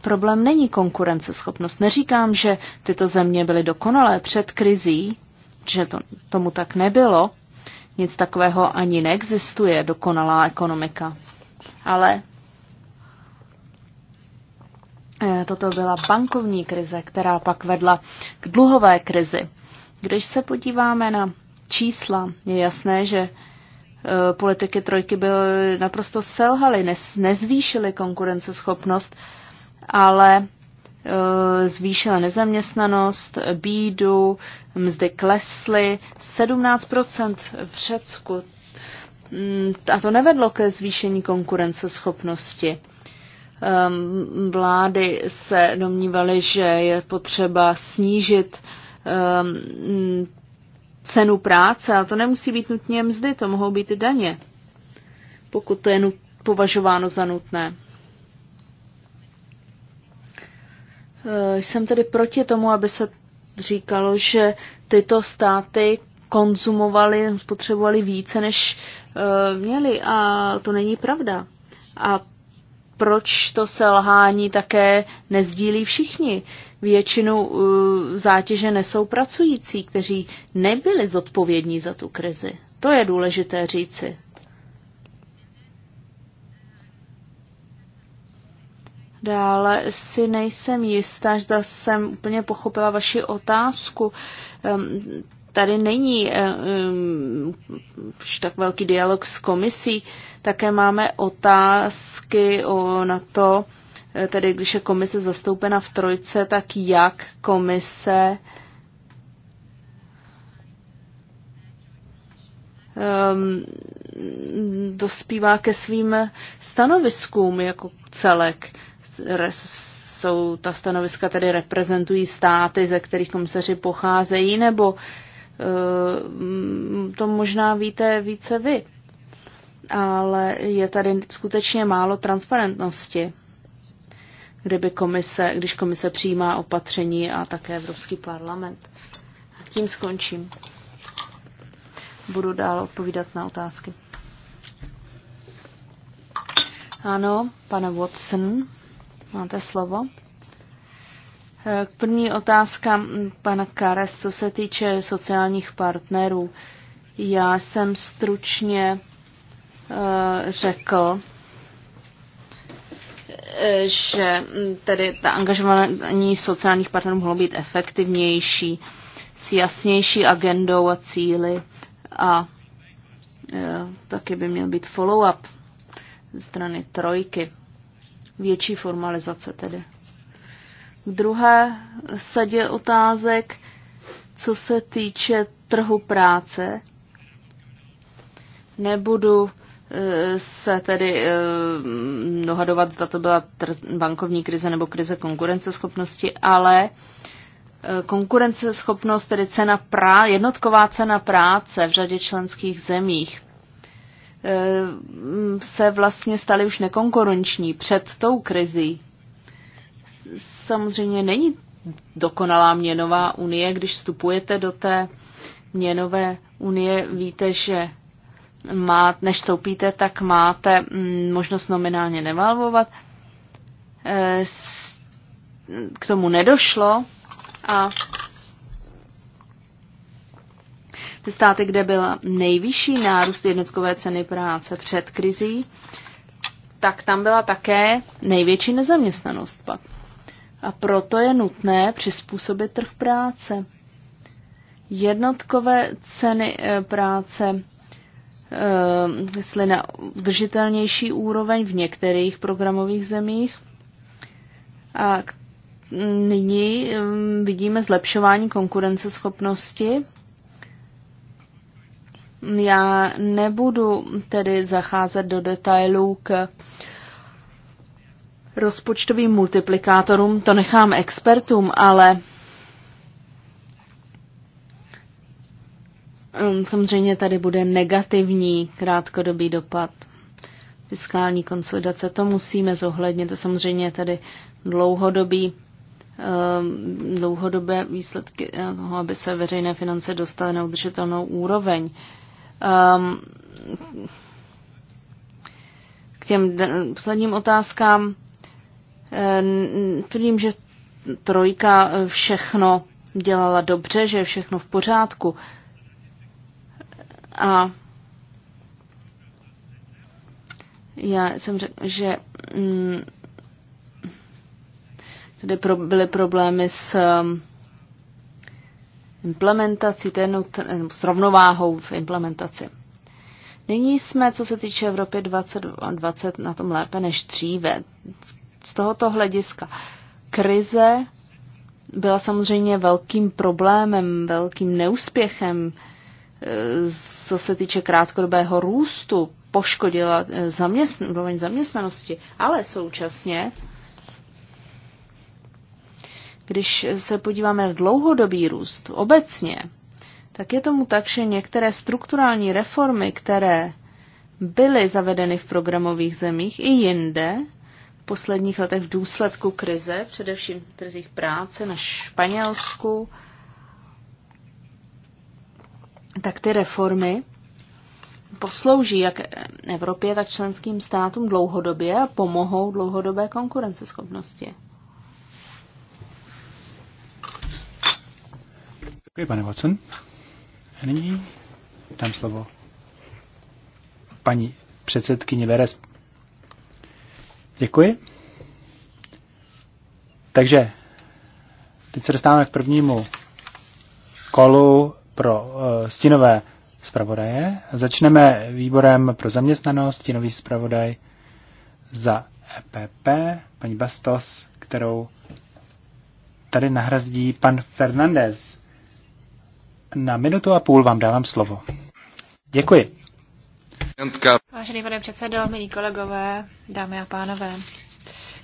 Problém není konkurenceschopnost. Neříkám, že tyto země byly dokonalé před krizí, že to, tomu tak nebylo. Nic takového ani neexistuje, dokonalá ekonomika. Ale Eh, toto byla bankovní krize, která pak vedla k dluhové krizi. Když se podíváme na čísla, je jasné, že eh, politiky trojky byly naprosto selhaly, nezvýšily konkurenceschopnost, ale eh, zvýšila nezaměstnanost, bídu, mzdy klesly 17% v Řecku. Mm, a to nevedlo ke zvýšení konkurenceschopnosti vlády se domnívaly, že je potřeba snížit cenu práce, a to nemusí být nutně mzdy, to mohou být i daně, pokud to je považováno za nutné. Jsem tedy proti tomu, aby se říkalo, že tyto státy konzumovali, potřebovali více, než eh, měli a to není pravda. A proč to selhání také nezdílí všichni. Většinu uh, zátěže nesou pracující, kteří nebyli zodpovědní za tu krizi. To je důležité říci. Dále si nejsem jistá, zda jsem úplně pochopila vaši otázku. Ehm, tady není um, tak velký dialog s komisí. Um, také máme otázky o, na to, eh, tedy když je komise zastoupena v trojce, tak jak komise um, dospívá ke svým stanoviskům jako celek. Jsou ta stanoviska tedy reprezentují státy, ze kterých komisaři pocházejí, nebo uh, to možná víte více vy ale je tady skutečně málo transparentnosti, kdyby komise, když komise přijímá opatření a také Evropský parlament. A tím skončím. Budu dál odpovídat na otázky. Ano, pane Watson, máte slovo. K eh, první otázka hm, pana Kares, co se týče sociálních partnerů. Já jsem stručně Eh, řekl, eh, že tedy ta angažování sociálních partnerů mohlo být efektivnější, s jasnější agendou a cíly a eh, taky by měl být follow-up ze strany trojky. Větší formalizace tedy. V druhé sadě otázek, co se týče trhu práce, nebudu se tedy eh, dohadovat, zda to byla bankovní krize nebo krize konkurenceschopnosti, ale eh, konkurenceschopnost, tedy cena prá, jednotková cena práce v řadě členských zemích eh, se vlastně staly už nekonkurenční před tou krizí. Samozřejmě není dokonalá měnová unie, když vstupujete do té měnové unie, víte, že má, než vstoupíte, tak máte mm, možnost nominálně nevalvovat. E, k tomu nedošlo a ty státy, kde byl nejvyšší nárůst jednotkové ceny práce před krizí, tak tam byla také největší nezaměstnanost pak. A proto je nutné přizpůsobit trh práce. Jednotkové ceny e, práce jestli na držitelnější úroveň v některých programových zemích. A nyní um, vidíme zlepšování konkurenceschopnosti. Já nebudu tedy zacházet do detailů k rozpočtovým multiplikátorům, to nechám expertům, ale Um, samozřejmě tady bude negativní krátkodobý dopad fiskální konsolidace. To musíme zohlednit. To samozřejmě je tady dlouhodobý um, dlouhodobé výsledky eh, toho, aby se veřejné finance dostaly na udržitelnou úroveň. Um, k těm posledním otázkám eh, tvrdím, že trojka eh, všechno dělala dobře, že je všechno v pořádku. A já jsem řekl, že mm, tady pro, byly problémy s um, implementací, ten, s rovnováhou v implementaci. Nyní jsme, co se týče Evropy 2020, na tom lépe než dříve. Z tohoto hlediska krize byla samozřejmě velkým problémem, velkým neúspěchem co se týče krátkodobého růstu, poškodila eh, zaměstn- zaměstnanosti, ale současně, když se podíváme na dlouhodobý růst obecně, tak je tomu tak, že některé strukturální reformy, které byly zavedeny v programových zemích i jinde, v posledních letech v důsledku krize, především v trzích práce na Španělsku, tak ty reformy poslouží jak Evropě, tak členským státům dlouhodobě a pomohou dlouhodobé konkurenceschopnosti. Děkuji, pane Watson. A nyní dám slovo paní předsedkyni Veres. Děkuji. Takže teď se dostáváme k prvnímu kolu pro eh, stínové zpravodaje. Začneme výborem pro zaměstnanost, stínový zpravodaj za EPP, paní Bastos, kterou tady nahrazdí pan Fernandez. Na minutu a půl vám dávám slovo. Děkuji. Vážený pane předsedo, milí kolegové, dámy a pánové,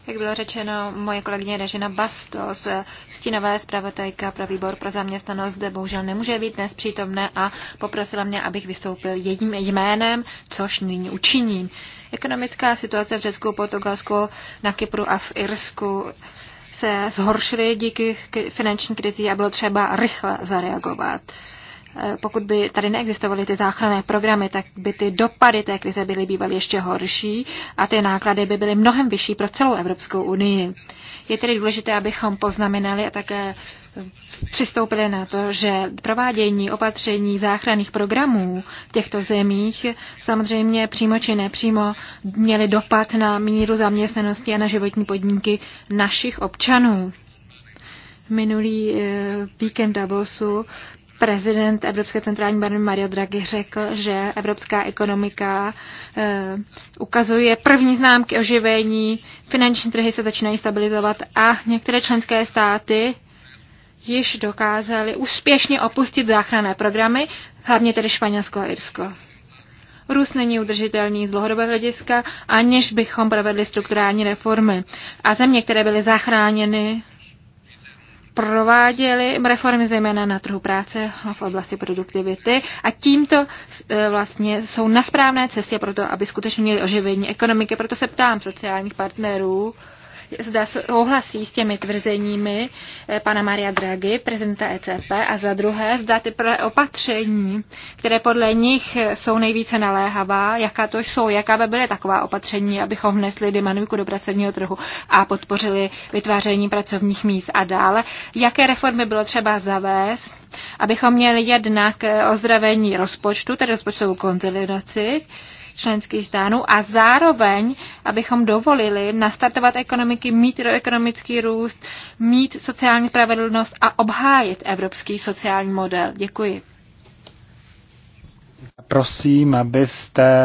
jak bylo řečeno, moje kolegyně Režina Bastos, stínové zpravotajka pro výbor pro zaměstnanost, zde bohužel nemůže být dnes přítomné a poprosila mě, abych vystoupil jedním jménem, což nyní učiním. Ekonomická situace v Řecku, Portugalsku, na Kypru a v Irsku se zhoršily díky finanční krizi a bylo třeba rychle zareagovat. Eh, pokud by tady neexistovaly ty záchranné programy, tak by ty dopady té krize byly bývaly ještě horší a ty náklady by byly mnohem vyšší pro celou Evropskou unii. Je tedy důležité, abychom poznamenali a také přistoupili na to, že provádění opatření záchranných programů v těchto zemích samozřejmě přímo či nepřímo měly dopad na míru zaměstnanosti a na životní podmínky našich občanů minulý eh, víkend Davosu prezident Evropské centrální banky Mario Draghi řekl, že evropská ekonomika eh, ukazuje první známky oživení, finanční trhy se začínají stabilizovat a některé členské státy již dokázaly úspěšně opustit záchranné programy, hlavně tedy Španělsko a Irsko. Rus není udržitelný z dlouhodobého hlediska, aniž bychom provedli strukturální reformy. A země, které byly zachráněny prováděli reformy zejména na trhu práce v oblasti produktivity a tímto e, vlastně jsou na správné cestě pro to, aby skutečně měli oživení ekonomiky. Proto se ptám sociálních partnerů, zda souhlasí s těmi tvrzeními eh, pana Maria Draghi, prezidenta ECP, a za druhé, zda ty opatření, které podle nich jsou nejvíce naléhavá, jaká to jsou, jaká by byly taková opatření, abychom vnesli dynamiku do pracovního trhu a podpořili vytváření pracovních míst a dále, jaké reformy bylo třeba zavést, abychom měli jednak eh, ozdravení rozpočtu, tedy rozpočtovou konzolidaci, členských stánů a zároveň, abychom dovolili nastartovat ekonomiky, mít ekonomický růst, mít sociální spravedlnost a obhájit evropský sociální model. Děkuji. Prosím, abyste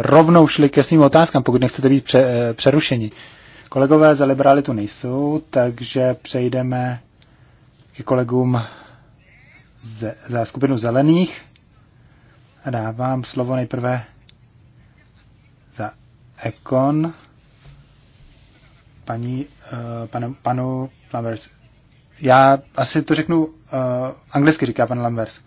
rovnou šli ke svým otázkám, pokud nechcete být pře, eh, přerušeni. Kolegové za liberály tu nejsou, takže přejdeme ke kolegům ze, za skupinu zelených. A dávám slovo nejprve Ekon paní, uh, eh, pane, panu Lambers. Já asi to řeknu uh, anglicky, říká pan Lambers.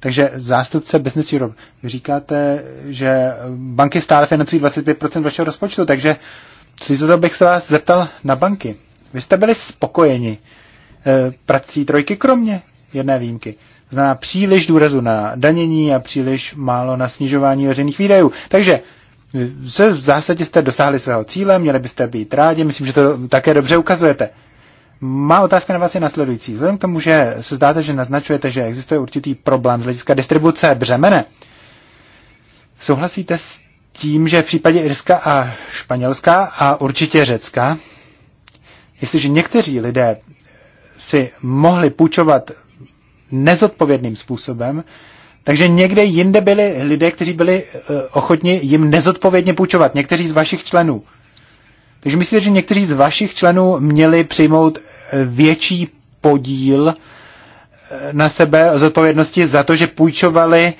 Takže zástupce Business Europe, vy říkáte, že banky stále financují 25% vašeho rozpočtu, takže si to bych se vás zeptal na banky. Vy jste byli spokojeni e, prací trojky, kromě jedné výjimky. Zná příliš důrazu na danění a příliš málo na snižování veřejných výdajů. Takže v zásadě jste dosáhli svého cíle, měli byste být rádi, myslím, že to také dobře ukazujete. Má otázka na vás je nasledující. Vzhledem k tomu, že se zdáte, že naznačujete, že existuje určitý problém z hlediska distribuce břemene, souhlasíte s tím, že v případě Irska a Španělska a určitě Řecka, jestliže někteří lidé si mohli půjčovat nezodpovědným způsobem, takže někde jinde byli lidé, kteří byli eh, ochotni jim nezodpovědně půjčovat, někteří z vašich členů. Takže myslíte, že někteří z vašich členů měli přijmout eh, větší podíl eh, na sebe zodpovědnosti za to, že půjčovali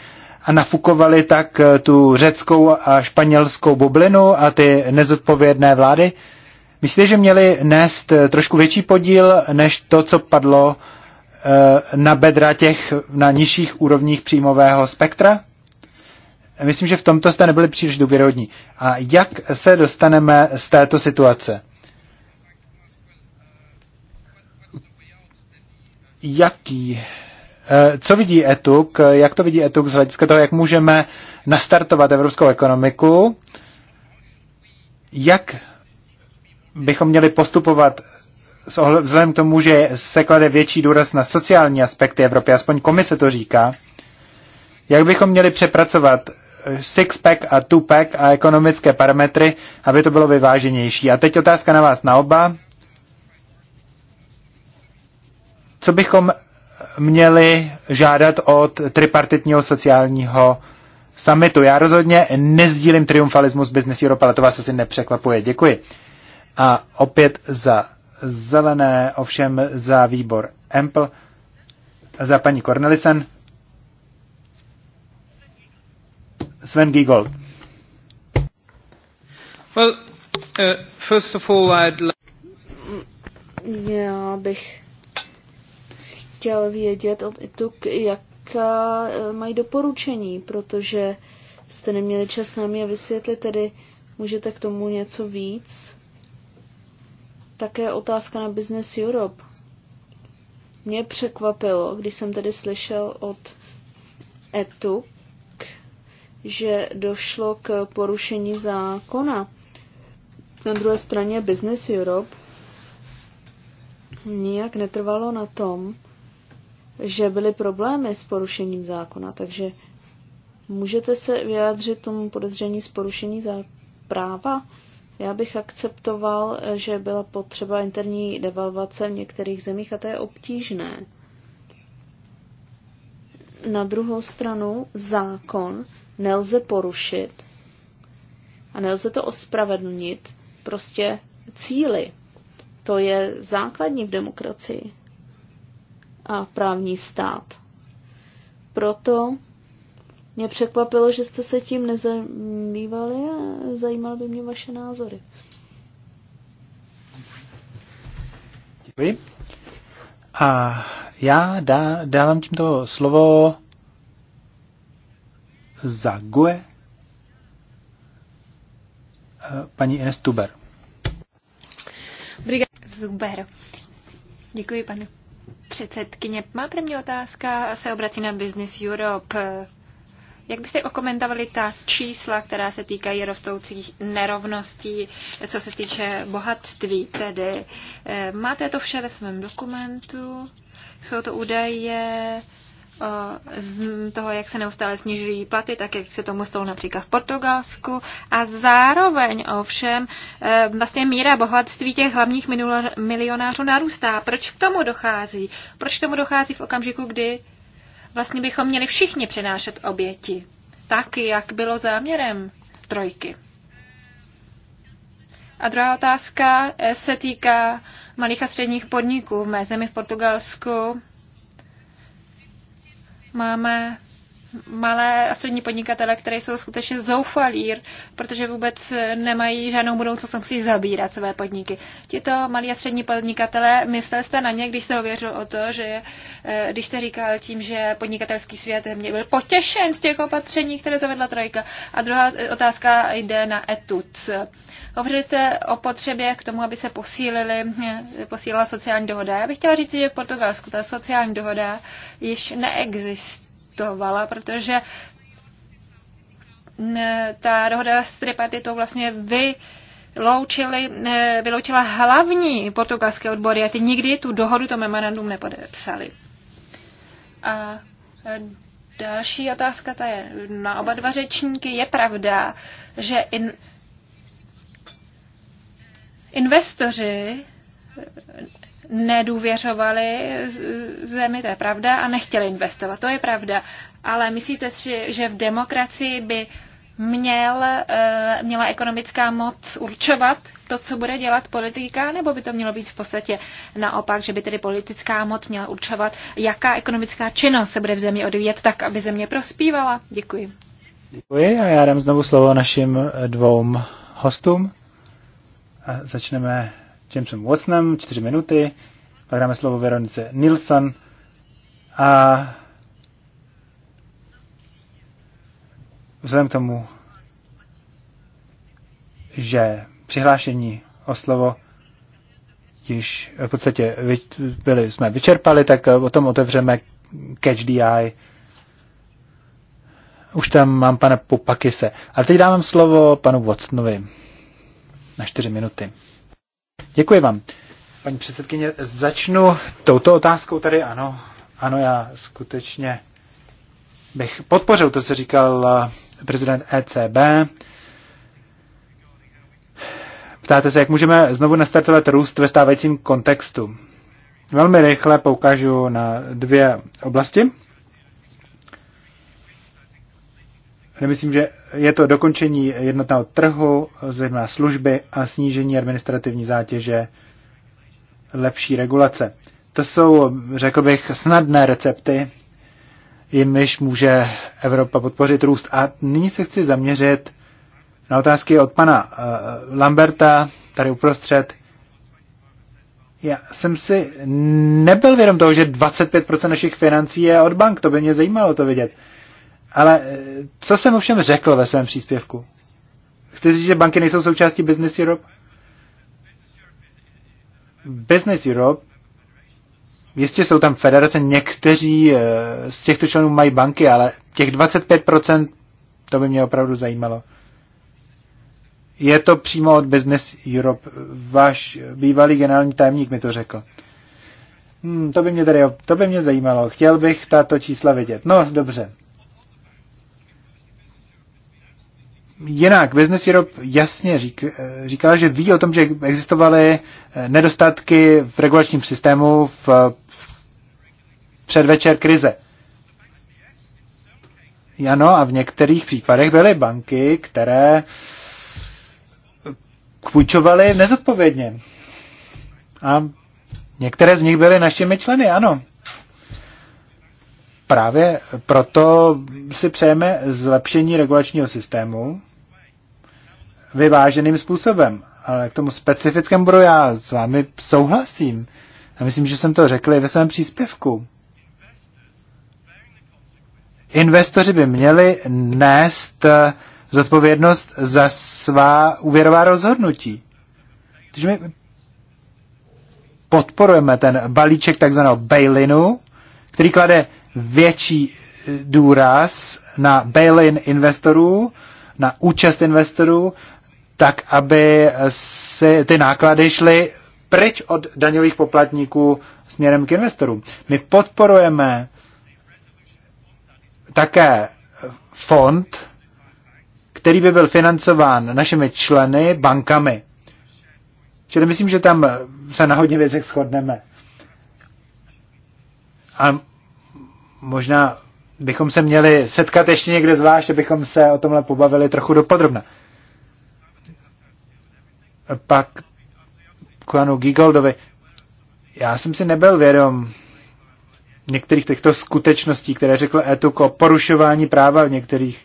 a nafukovali tak tu řeckou a španělskou bublinu a ty nezodpovědné vlády? Myslíte, že měli nést trošku větší podíl než to, co padlo Eh, na bedra těch na nižších úrovních příjmového spektra? Myslím, že v tomto jste nebyli příliš důvěrodní. A jak se dostaneme z této situace? Jaký? Eh, co vidí ETUK? Jak to vidí ETUK z hlediska toho, jak můžeme nastartovat evropskou ekonomiku? Jak bychom měli postupovat ohledem k tomu, že se klade větší důraz na sociální aspekty Evropy, aspoň komise to říká, jak bychom měli přepracovat eh, six-pack a two-pack a ekonomické parametry, aby to bylo vyváženější. A teď otázka na vás na oba. Co bychom měli žádat od tripartitního sociálního summitu? Já rozhodně nezdílím triumfalismus Business Europe, ale to vás asi nepřekvapuje. Děkuji. A opět za zelené, ovšem za výbor Empl, za paní Cornelisen, Sven Giegold. Well, uh, first of all, I'd like... Já bych chtěl vědět od ITUK, jaká eh, mají doporučení, protože jste neměli čas nám je vysvětlit, tedy můžete k tomu něco víc? Také otázka na Business Europe. Mě překvapilo, když jsem tedy slyšel od Etu, že došlo k porušení zákona. Na druhé straně Business Europe nijak netrvalo na tom, že byly problémy s porušením zákona, takže můžete se vyjádřit tomu podezření z porušení práva? Já bych akceptoval, že byla potřeba interní devalvace v některých zemích a to je obtížné. Na druhou stranu zákon nelze porušit a nelze to ospravedlnit prostě cíly. To je základní v demokracii a právní stát. Proto mě překvapilo, že jste se tím nezabývali a zajímaly by mě vaše názory. Děkuji. A já dá, dávám tímto slovo za GUE paní Ines Tuber. Brigáda Zuber. Děkuji, pane předsedkyně. Má pro mě otázka se obrací na Business Europe. Jak byste okomentovali ta čísla, která se týkají rostoucích nerovností, co se týče bohatství? Tedy eh, máte to vše ve svém dokumentu? Jsou to údaje z toho, jak se neustále snižují platy, tak jak se tomu stalo například v Portugalsku. A zároveň ovšem eh, vlastně míra bohatství těch hlavních milionářů narůstá. Proč k tomu dochází? Proč k tomu dochází v okamžiku, kdy Vlastně bychom měli všichni přinášet oběti, tak, jak bylo záměrem trojky. A druhá otázka eh, se týká malých a středních podniků. V mé zemi v Portugalsku máme malé a střední podnikatele, které jsou skutečně zoufalí, protože vůbec nemají žádnou budoucnost, musí zabírat své podniky. Tito malí a střední podnikatele, myslel jste na ně, když jste ověřil o to, že eh, když jste říkal tím, že podnikatelský svět mě byl potěšen z těch opatření, které zavedla trojka. A druhá eh, otázka jde na etuc. Hovořili jste o potřebě k tomu, aby se posílili, eh, posílila sociální dohoda. Já bych chtěla říct, že v Portugalsku ta sociální dohoda již neexistuje litovala, protože mm, ta dohoda s tripartitou vlastně vy Loučili, mm, vyloučila hlavní portugalské odbory a ty nikdy tu dohodu, to memorandum nepodepsali. A e, další otázka, ta je na oba dva řečníky. Je pravda, že in, investoři nedůvěřovali zemi, to je pravda, a nechtěli investovat, to je pravda. Ale myslíte si, že v demokracii by měl, eh, měla ekonomická moc určovat to, co bude dělat politika, nebo by to mělo být v podstatě naopak, že by tedy politická moc měla určovat, jaká ekonomická činnost se bude v zemi odvíjet tak, aby země prospívala? Děkuji. Děkuji a já dám znovu slovo našim dvou hostům. A začneme Jamesem Watsonem, čtyři minuty, pak dáme slovo Veronice Nilsson a vzhledem k tomu, že přihlášení o slovo již v podstatě byli, jsme vyčerpali, tak eh, o tom otevřeme Catch the Eye. Už tam mám pana Pupakise. Ale teď dávám slovo panu Watsonovi na čtyři minuty. Děkuji vám. Paní předsedkyně, začnu touto otázkou tady. Ano, ano, já skutečně bych podpořil to, co říkal eh, prezident ECB. Ptáte se, jak můžeme znovu nastartovat růst ve stávajícím kontextu. Velmi rychle poukážu na dvě oblasti. Myslím, že je to dokončení jednotného trhu, zejména služby a snížení administrativní zátěže, lepší regulace. To jsou, řekl bych, snadné recepty, jimž může Evropa podpořit růst. A nyní se chci zaměřit na otázky od pana eh, Lamberta, tady uprostřed. Já jsem si nebyl vědom toho, že 25% našich financí je od bank, to by mě zajímalo to vidět. Ale eh, co jsem ovšem řekl ve svém příspěvku? Chcete říct, že banky nejsou součástí Business Europe? Business Europe, jistě jsou tam federace, někteří eh, z těchto členů mají banky, ale těch 25%, to by mě opravdu zajímalo. Je to přímo od Business Europe. Váš bývalý generální tajemník mi to řekl. Hmm, to by mě tady, to by mě zajímalo. Chtěl bych tato čísla vidět. No, dobře. Jinak Business Europe jasně řík, říkala, že ví o tom, že existovaly eh, nedostatky v regulačním systému v předvečer krize. Ano, a v některých případech byly banky, které půjčovaly nezodpovědně. A některé z nich byly našimi členy, ano. Právě proto si přejeme zlepšení regulačního systému vyváženým způsobem. Ale k tomu specifickému bodu já s vámi souhlasím. A myslím, že jsem to řekl i ve svém příspěvku. Investoři by měli nést eh, zodpovědnost za svá úvěrová rozhodnutí. Takže my podporujeme ten balíček takzvaného bailinu, který klade větší eh, důraz na bail-in investorů, na účast investorů tak aby se ty náklady šly pryč od daňových poplatníků směrem k investorům. My podporujeme také fond, který by byl financován našimi členy, bankami. Čili myslím, že tam se na hodně věcech shodneme. A možná bychom se měli setkat ještě někde zvlášť, abychom se o tomhle pobavili trochu dopodrobna pak klanu Gigoldovi. Já jsem si nebyl vědom některých těchto skutečností, které řekl Etuk o porušování práva v některých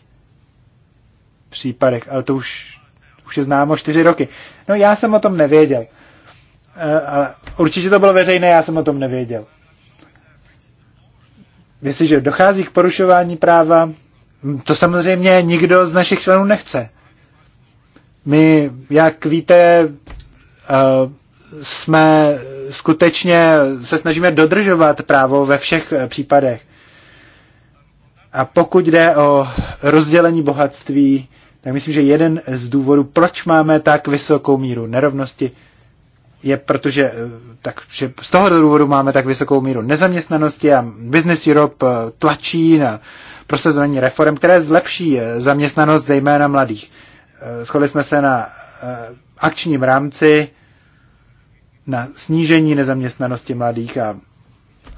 případech, ale to už, už je známo čtyři roky. No já jsem o tom nevěděl. Eh, ale určitě to bylo veřejné, já jsem o tom nevěděl. Jestliže dochází k porušování práva, to samozřejmě nikdo z našich členů nechce. My, jak víte, eh, jsme skutečně se snažíme dodržovat právo ve všech eh, případech. A pokud jde o rozdělení bohatství, tak myslím, že jeden z důvodů, proč máme tak vysokou míru nerovnosti, je protože eh, tak, že z toho důvodu máme tak vysokou míru nezaměstnanosti a Business Europe tlačí na prosazování reform, které zlepší zaměstnanost zejména mladých. Eh, shodli jsme se na eh, akčním rámci na snížení nezaměstnanosti mladých a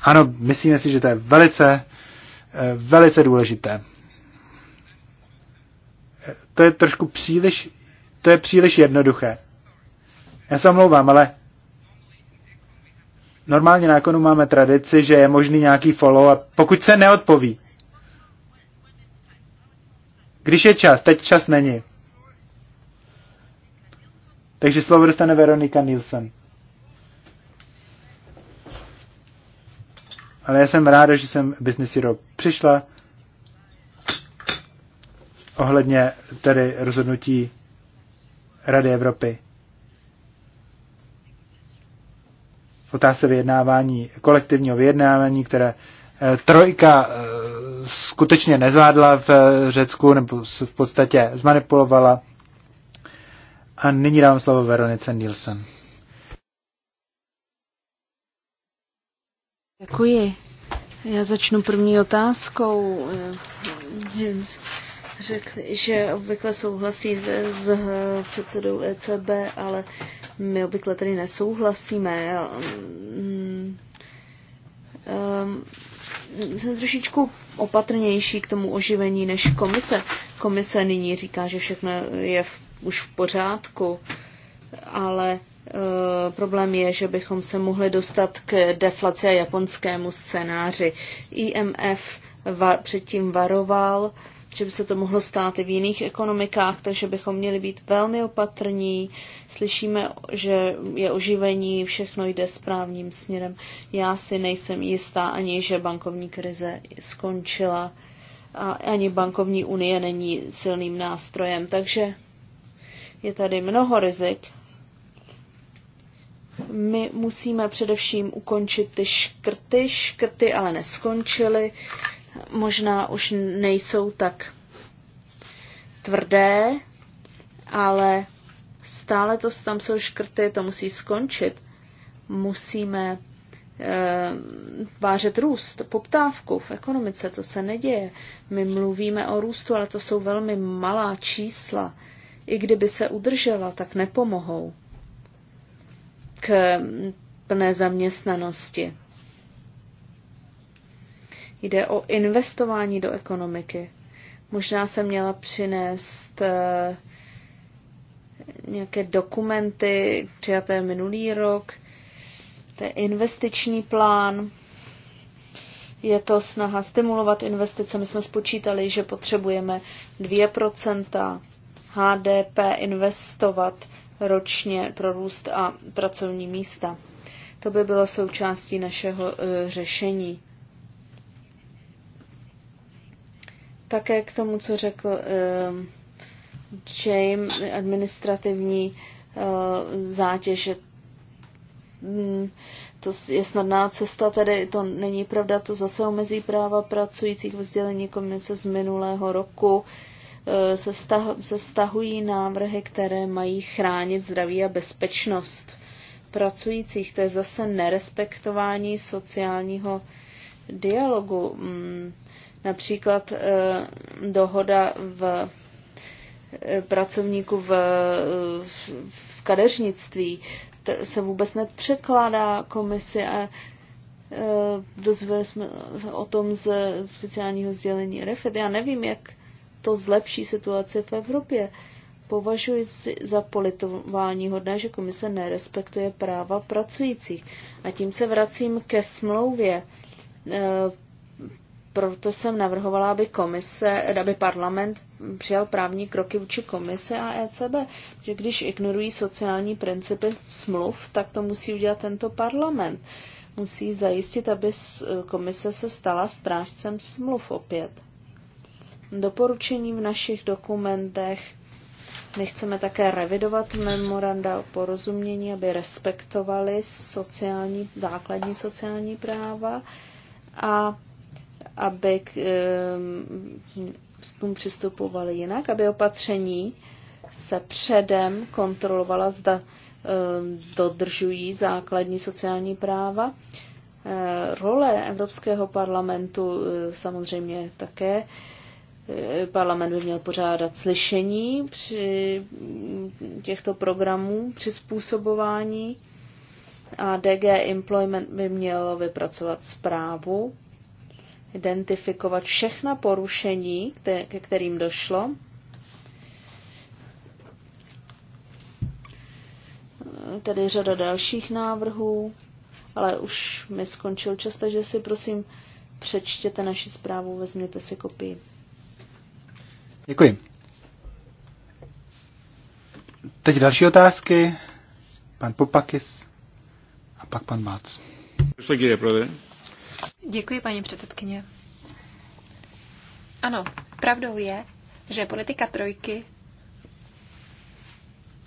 ano, myslíme si, že to je velice, eh, velice důležité. To je trošku příliš, to je příliš jednoduché. Já se omlouvám, ale normálně na konu máme tradici, že je možný nějaký follow a pokud se neodpoví. Když je čas, teď čas není. Takže slovo dostane Veronika Nilsson. Ale já jsem ráda, že jsem Business Hero přišla ohledně tedy rozhodnutí Rady Evropy. V otázce vyjednávání, kolektivního vyjednávání, které eh, trojka eh, skutečně nezvládla v eh, Řecku, nebo v podstatě zmanipulovala a nyní dávám slovo Veronice Nielsen. Děkuji. Já začnu první otázkou. Eh, eh, řekl, že obvykle souhlasí s, s eh, předsedou ECB, ale my obvykle tady nesouhlasíme. Mm, ehm, jsem trošičku opatrnější k tomu oživení než komise. Komise nyní říká, že všechno je v už v pořádku, ale e, problém je, že bychom se mohli dostat k deflaci a japonskému scénáři. IMF va- předtím varoval, že by se to mohlo stát i v jiných ekonomikách, takže bychom měli být velmi opatrní. Slyšíme, že je oživení, všechno jde správným směrem. Já si nejsem jistá ani, že bankovní krize skončila a ani bankovní unie není silným nástrojem. Takže je tady mnoho rizik. My musíme především ukončit ty škrty. Škrty ale neskončily. Možná už nejsou tak tvrdé, ale stále to, tam jsou škrty, to musí skončit. Musíme eh, vážet růst, poptávku v ekonomice, to se neděje. My mluvíme o růstu, ale to jsou velmi malá čísla i kdyby se udržela, tak nepomohou k plné zaměstnanosti. Jde o investování do ekonomiky. Možná se měla přinést eh, nějaké dokumenty přijaté minulý rok. To je investiční plán. Je to snaha stimulovat investice. My jsme spočítali, že potřebujeme 2% HDP investovat ročně pro růst a pracovní místa. To by bylo součástí našeho e, řešení. Také k tomu, co řekl e, James, administrativní e, zátěž, to je snadná cesta, tedy to není pravda, to zase omezí práva pracujících v sdělení komise z minulého roku. Uh, Eh, se, stahují návrhy, které mají chránit zdraví a bezpečnost pracujících. To je zase nerespektování sociálního dialogu. Mm, například eh, dohoda v eh, pracovníků v, v kadeřnictví se vůbec nepřekládá komisi a dozvěděli jsme o tom z oficiálního sdělení REFIT. Já nevím, jak to zlepší situaci v Evropě. Považuji si za politování hodné, že komise nerespektuje práva pracujících. A tím se vracím ke smlouvě. E, proto jsem navrhovala, aby, komise, aby parlament přijal právní kroky vůči komise a ECB. Že když ignorují sociální principy smluv, tak to musí udělat tento parlament. Musí zajistit, aby komise se stala strážcem smluv opět doporučení v našich dokumentech. My chceme také revidovat memoranda o porozumění, aby respektovali sociální, základní sociální práva a aby k tomu přistupovali jinak, aby opatření se předem kontrolovala, zda dodržují základní sociální práva. Eh, role Evropského parlamentu eh, samozřejmě také Parlament by měl pořádat slyšení při těchto programů, při způsobování a DG Employment by měl vypracovat zprávu, identifikovat všechna porušení, ke kterým došlo, tedy řada dalších návrhů, ale už mi skončil čas, takže si prosím přečtěte naši zprávu, vezměte si kopii. Děkuji. Teď další otázky. Pan Popakis a pak pan Mác. Děkuji, paní předsedkyně. Ano, pravdou je, že politika trojky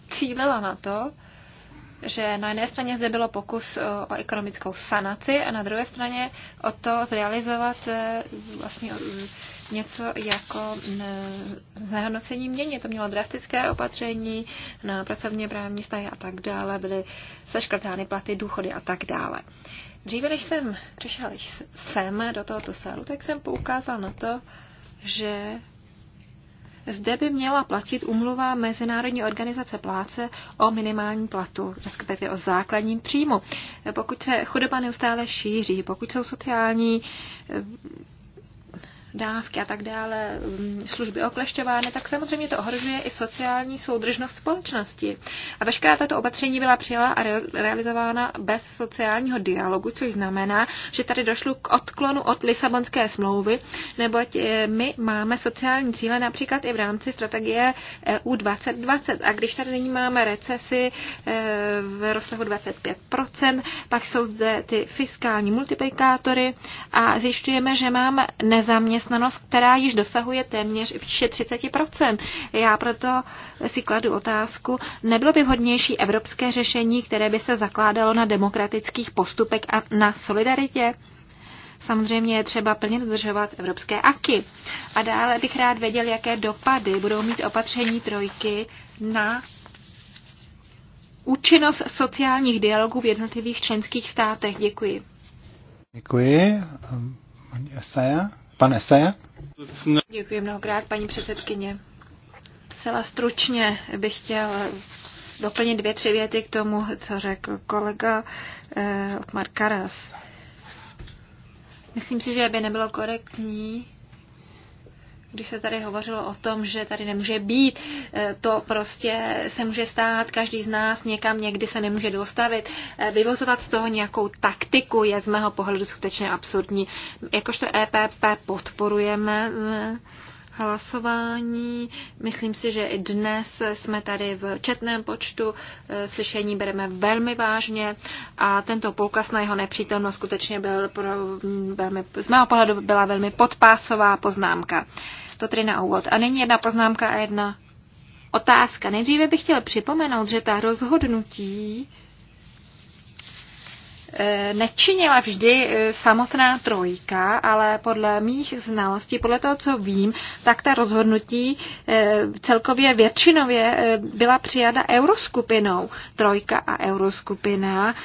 cílela na to, že na jedné straně zde bylo pokus eh, o ekonomickou sanaci a na druhé straně o to zrealizovat eh, vlastně eh, něco jako mm, znehodnocení měně. To mělo drastické opatření na pracovně právní stavy a tak dále, byly seškrtány platy, důchody a tak dále. Dříve, než jsem přišel sem do tohoto sálu, tak jsem poukázal na to, že zde by měla platit umluva Mezinárodní organizace pláce o minimálním platu, respektive o základním příjmu. Pokud se chudoba neustále šíří, pokud jsou sociální dávky a tak dále, mm, služby oklešťovány, tak samozřejmě to ohrožuje i sociální soudržnost společnosti. A veškerá tato opatření byla přijala a realizována bez sociálního dialogu, což znamená, že tady došlo k odklonu od Lisabonské smlouvy, neboť eh, my máme sociální cíle například i v rámci strategie EU 2020. A když tady nyní máme recesi eh, v rozsahu 25%, pak jsou zde ty fiskální multiplikátory a zjišťujeme, že máme nezaměstnanost nezaměstnanost, která již dosahuje téměř výše 30%. Já proto si kladu otázku, nebylo by vhodnější evropské řešení, které by se zakládalo na demokratických postupech a na solidaritě? Samozřejmě je třeba plně dodržovat evropské aky. A dále bych rád věděl, jaké dopady budou mít opatření trojky na účinnost sociálních dialogů v jednotlivých členských státech. Děkuji. Děkuji. Saja. Pan Eseja? Děkuji mnohokrát, paní předsedkyně. Celá stručně bych chtěl doplnit dvě, tři věty k tomu, co řekl kolega eh, Otmar Karas. Myslím si, že by nebylo korektní když se tady hovořilo o tom, že tady nemůže být, eh, to prostě se může stát, každý z nás někam někdy se nemůže dostavit. Eh, vyvozovat z toho nějakou taktiku je z mého pohledu skutečně absurdní. Jakožto EPP podporujeme eh, hlasování. Myslím si, že i dnes jsme tady v četném počtu. Eh, slyšení bereme velmi vážně a tento poukaz na jeho nepřítomnost skutečně byl pro, mm, velmi, z mého pohledu byla velmi podpásová poznámka. To tedy na úvod. A není jedna poznámka a jedna otázka. Nejdříve bych chtěl připomenout, že ta rozhodnutí, Eh, nečinila vždy eh, samotná trojka, ale podle mých znalostí, podle toho, co vím, tak ta rozhodnutí eh, celkově většinově byla přijata euroskupinou. Trojka a euroskupina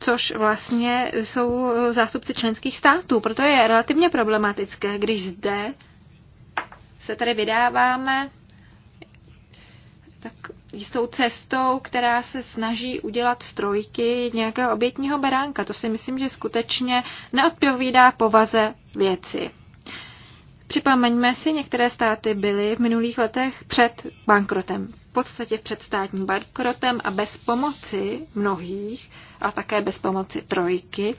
což vlastně jsou zástupci členských států. Proto je relativně problematické, když zde se tady vydáváme tak jsou cestou, která se snaží udělat strojky nějakého obětního beránka. To si myslím, že skutečně neodpovídá povaze věci. Připomeňme si, některé státy byly v minulých letech před bankrotem, v podstatě před státním bankrotem a bez pomoci mnohých a také bez pomoci trojky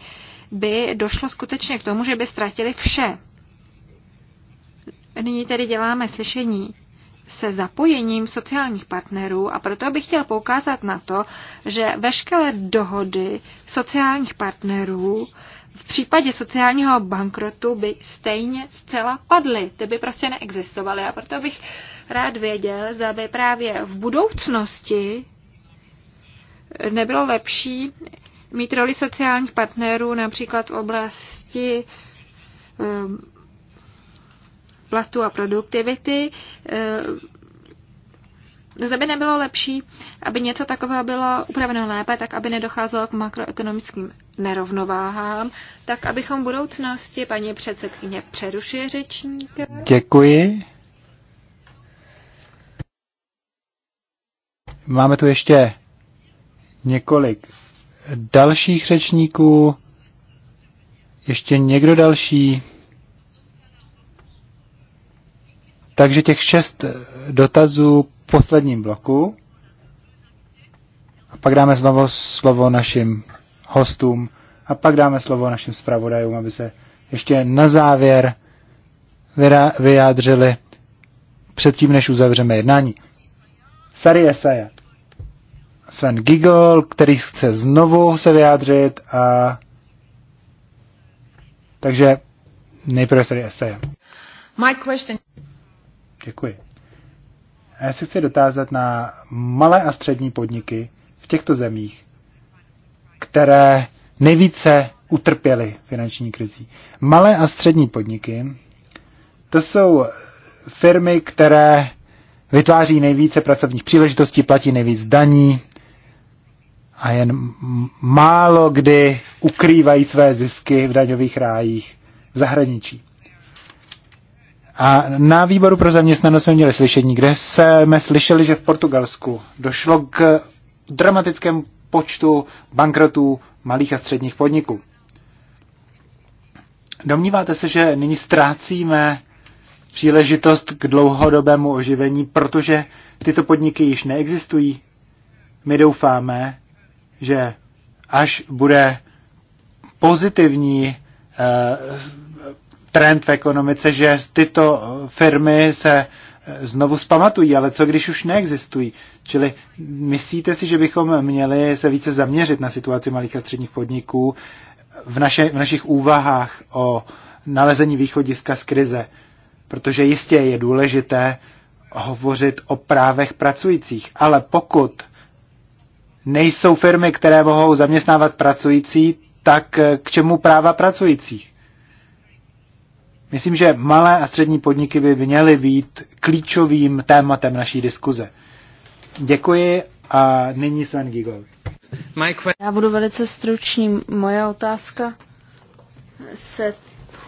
by došlo skutečně k tomu, že by ztratili vše. Nyní tedy děláme slyšení se zapojením sociálních partnerů a proto bych chtěl poukázat na to, že veškeré dohody sociálních partnerů v případě sociálního bankrotu by stejně zcela padly, ty by prostě neexistovaly a proto bych rád věděl, zda by právě v budoucnosti nebylo lepší mít roli sociálních partnerů například v oblasti um, platu a produktivity. Eh, zda by nebylo lepší, aby něco takového bylo upraveno lépe, tak aby nedocházelo k makroekonomickým nerovnováhám, tak abychom v budoucnosti, paní předsedkyně, přerušuje řečníka. Děkuji. Máme tu ještě několik dalších řečníků. Ještě někdo další? Takže těch šest eh, dotazů v posledním bloku. A pak dáme znovu slovo našim hostům a pak dáme slovo našim zpravodajům, aby se ještě na závěr vyjádřili předtím, než uzavřeme jednání. Sari Esaja. Sven Gigol, který chce znovu se vyjádřit a takže nejprve Sari Esaja. My question. Děkuji. A já se chci dotázat na malé a střední podniky v těchto zemích, které nejvíce utrpěly finanční krizí. Malé a střední podniky, to jsou firmy, které vytváří nejvíce pracovních příležitostí, platí nejvíc daní a jen málo kdy ukrývají své zisky v daňových rájích v zahraničí. A na výboru pro zaměstnanost jsme měli slyšení, kde jsme slyšeli, že v Portugalsku došlo k dramatickému počtu bankrotů malých a středních podniků. Domníváte se, že nyní ztrácíme příležitost k dlouhodobému oživení, protože tyto podniky již neexistují? My doufáme, že až bude pozitivní eh, trend v ekonomice, že tyto firmy se znovu spamatují, ale co když už neexistují? Čili myslíte si, že bychom měli se více zaměřit na situaci malých a středních podniků v, naše, v našich úvahách o nalezení východiska z krize? Protože jistě je důležité hovořit o právech pracujících, ale pokud nejsou firmy, které mohou zaměstnávat pracující, tak k čemu práva pracujících? Myslím, že malé a střední podniky by měly být klíčovým tématem naší diskuze. Děkuji a nyní Sven Gigol. Já budu velice stručný. Moje otázka se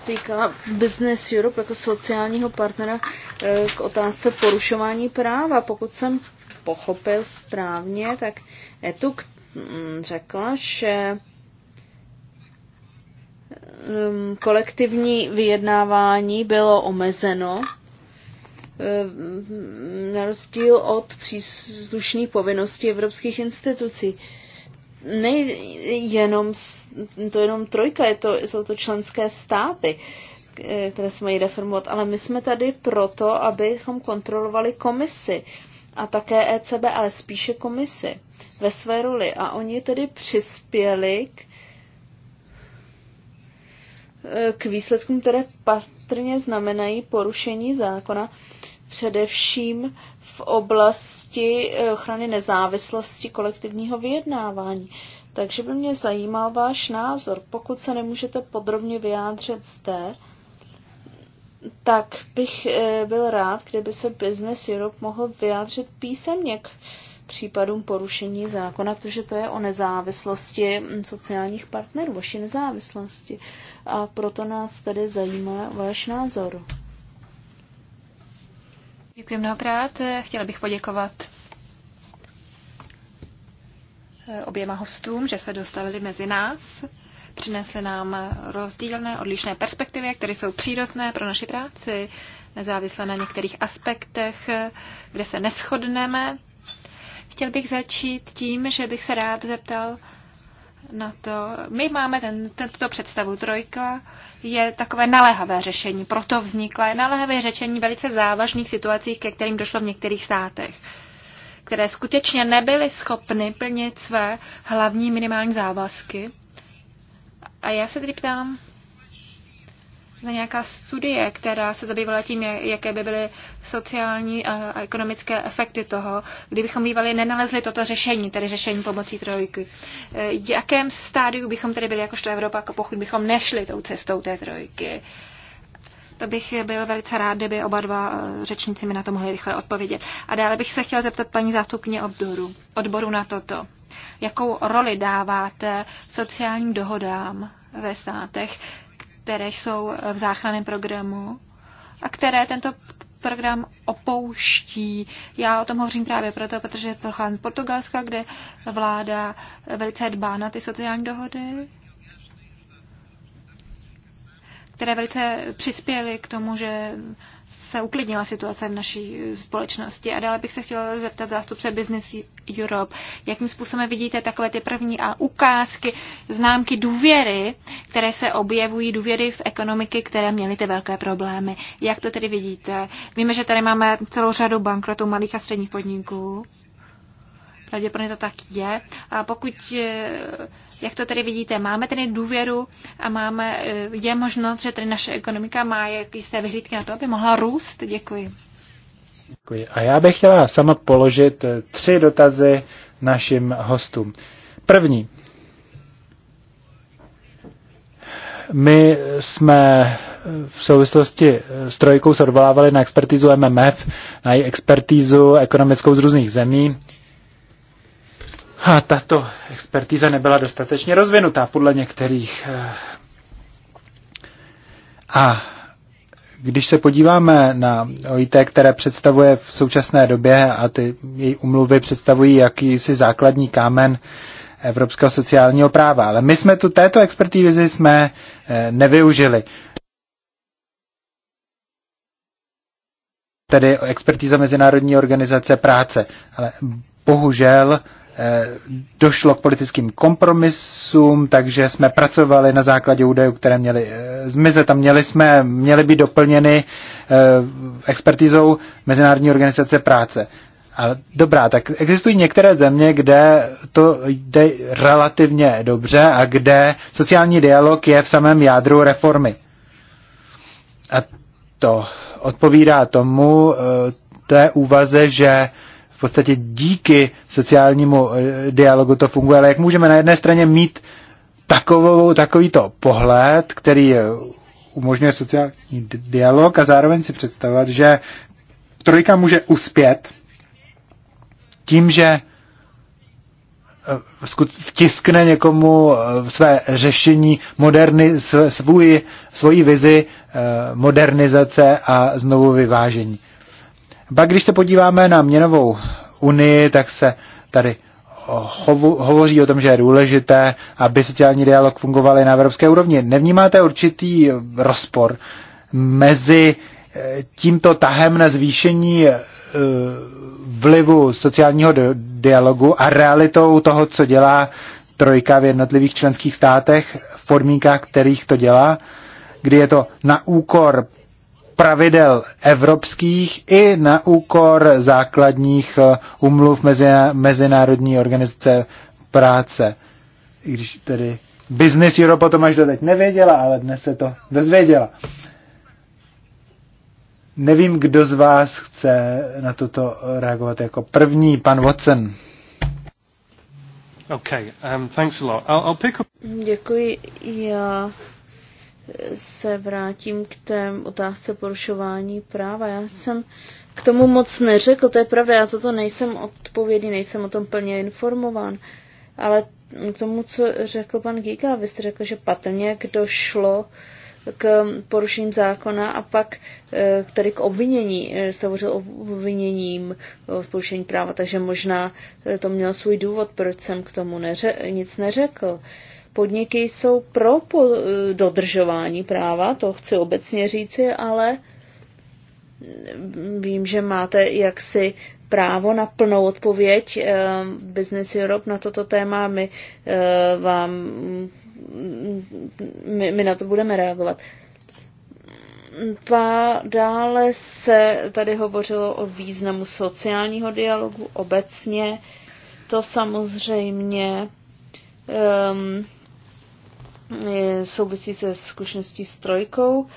týká Business Europe jako sociálního partnera eh, k otázce porušování práva. Pokud jsem pochopil správně, tak Etuk mm, řekla, že Um, kolektivní vyjednávání bylo omezeno um, na rozdíl od příslušné povinnosti evropských institucí. Nejenom, to jenom trojka, je to, jsou to členské státy, eh, které se mají reformovat, ale my jsme tady proto, abychom kontrolovali komisi a také ECB, ale spíše komisi ve své roli. A oni tedy přispěli k k výsledkům, které patrně znamenají porušení zákona, především v oblasti eh, ochrany nezávislosti kolektivního vyjednávání. Takže by mě zajímal váš názor. Pokud se nemůžete podrobně vyjádřit zde, tak bych eh, byl rád, kdyby se Business Europe mohl vyjádřit písemně k případům porušení zákona, protože to je o nezávislosti mm, sociálních partnerů, vaší nezávislosti. A proto nás tedy zajímá váš názor. Děkuji mnohokrát. Chtěla bych poděkovat eh, oběma hostům, že se dostavili mezi nás. Přinesli nám rozdílné, odlišné perspektivy, které jsou přírodné pro naši práci, nezávisle na některých aspektech, eh, kde se neschodneme Chtěl bych začít tím, že bych se rád zeptal na to. My máme ten, tento představu trojka, je takové naléhavé řešení, proto vznikla naléhavé řešení velice závažných situací, ke kterým došlo v některých státech které skutečně nebyly schopny plnit své hlavní minimální závazky. A já se tedy ptám, na nějaká studie, která se zabývala tím, jaké by byly sociální a ekonomické efekty toho, kdybychom bývali nenalezli toto řešení, tedy řešení pomocí trojky. E, v jakém stádiu bychom tedy byli jakožto Evropa, jako pokud bychom nešli tou cestou té trojky? To bych byl velice rád, kdyby oba dva e, řečníci mi na to mohli rychle odpovědět. A dále bych se chtěla zeptat paní zástupkyně odboru, odboru na toto. Jakou roli dáváte sociálním dohodám ve státech, které jsou v záchranném programu a které tento program opouští. Já o tom hovořím právě proto, protože procházím Portugalska, kde vláda velice dbá na ty sociální dohody, které velice přispěly k tomu, že se uklidnila situace v naší společnosti. A dále bych se chtěla zeptat zástupce Business Europe, jakým způsobem vidíte takové ty první a ukázky, známky důvěry, které se objevují, důvěry v ekonomiky, které měly ty velké problémy. Jak to tedy vidíte? Víme, že tady máme celou řadu bankrotů malých a středních podniků. Pravděpodobně to tak je. A pokud eh, jak to tedy vidíte? Máme tedy důvěru a máme, eh, je možnost, že tedy naše ekonomika má jisté vyhlídky na to, aby mohla růst? Děkuji. Děkuji. A já bych chtěla sama položit eh, tři dotazy našim hostům. První. My jsme eh, v souvislosti s trojkou se odvolávali na expertizu MMF, na její expertizu ekonomickou z různých zemí. A tato expertíza nebyla dostatečně rozvinutá podle některých. Eh. A když se podíváme na OIT, které představuje v současné době a ty její umluvy představují jakýsi základní kámen evropského sociálního práva, ale my jsme tu této expertízy jsme eh, nevyužili. Tedy expertíza Mezinárodní organizace práce. Ale bohužel Eh, došlo k politickým kompromisům, takže jsme pracovali na základě údajů, které měly eh, zmizet a měli jsme, měly být doplněny eh, expertizou Mezinárodní organizace práce. A dobrá, tak existují některé země, kde to jde relativně dobře a kde sociální dialog je v samém jádru reformy. A to odpovídá tomu té úvaze, že podstatě díky sociálnímu eh, dialogu to funguje, ale jak můžeme na jedné straně mít takovou, takovýto pohled, který eh, umožňuje sociální dialog a zároveň si představovat, že trojka může uspět tím, že eh, vtiskne někomu své řešení, moderni, svůj, svoji vizi modernizace a znovu vyvážení. Pak když se podíváme na měnovou unii, tak se tady hovoří o tom, že je důležité, aby sociální dialog fungoval i na evropské úrovni. Nevnímáte určitý rozpor mezi eh, tímto tahem na zvýšení eh, vlivu sociálního dialogu a realitou toho, co dělá trojka v jednotlivých členských státech v podmínkách, kterých to dělá, kdy je to na úkor pravidel evropských i na úkor základních eh, umluv Mezinárodní organizace práce. I když tedy Business Europe o tom až doteď nevěděla, ale dnes se to dozvěděla. Nevím, kdo z vás chce na toto reagovat jako první, pan Watson. Okay, um, thanks a lot. I'll, I'll pick up... Děkuji, já se vrátím k té otázce porušování práva. Já jsem k tomu moc neřekl, to je pravda, já za to nejsem odpovědný, nejsem o tom plně informován. Ale k tomu, co řekl pan Giga, vy jste řekl, že patrně kdo šlo k porušením zákona a pak eh, tady k obvinění, eh, jste hovořil o obviněním o porušení práva, takže možná eh, to měl svůj důvod, proč jsem k tomu neře- nic neřekl podniky jsou pro eh, dodržování práva, to chci obecně říci, ale vím, že máte jaksi právo na plnou odpověď eh, Business Europe na toto téma. My eh, vám mm, my, my na to budeme reagovat. Pa, dále se tady hovořilo o významu sociálního dialogu obecně. To samozřejmě um, souvisí se zkušeností s trojkou,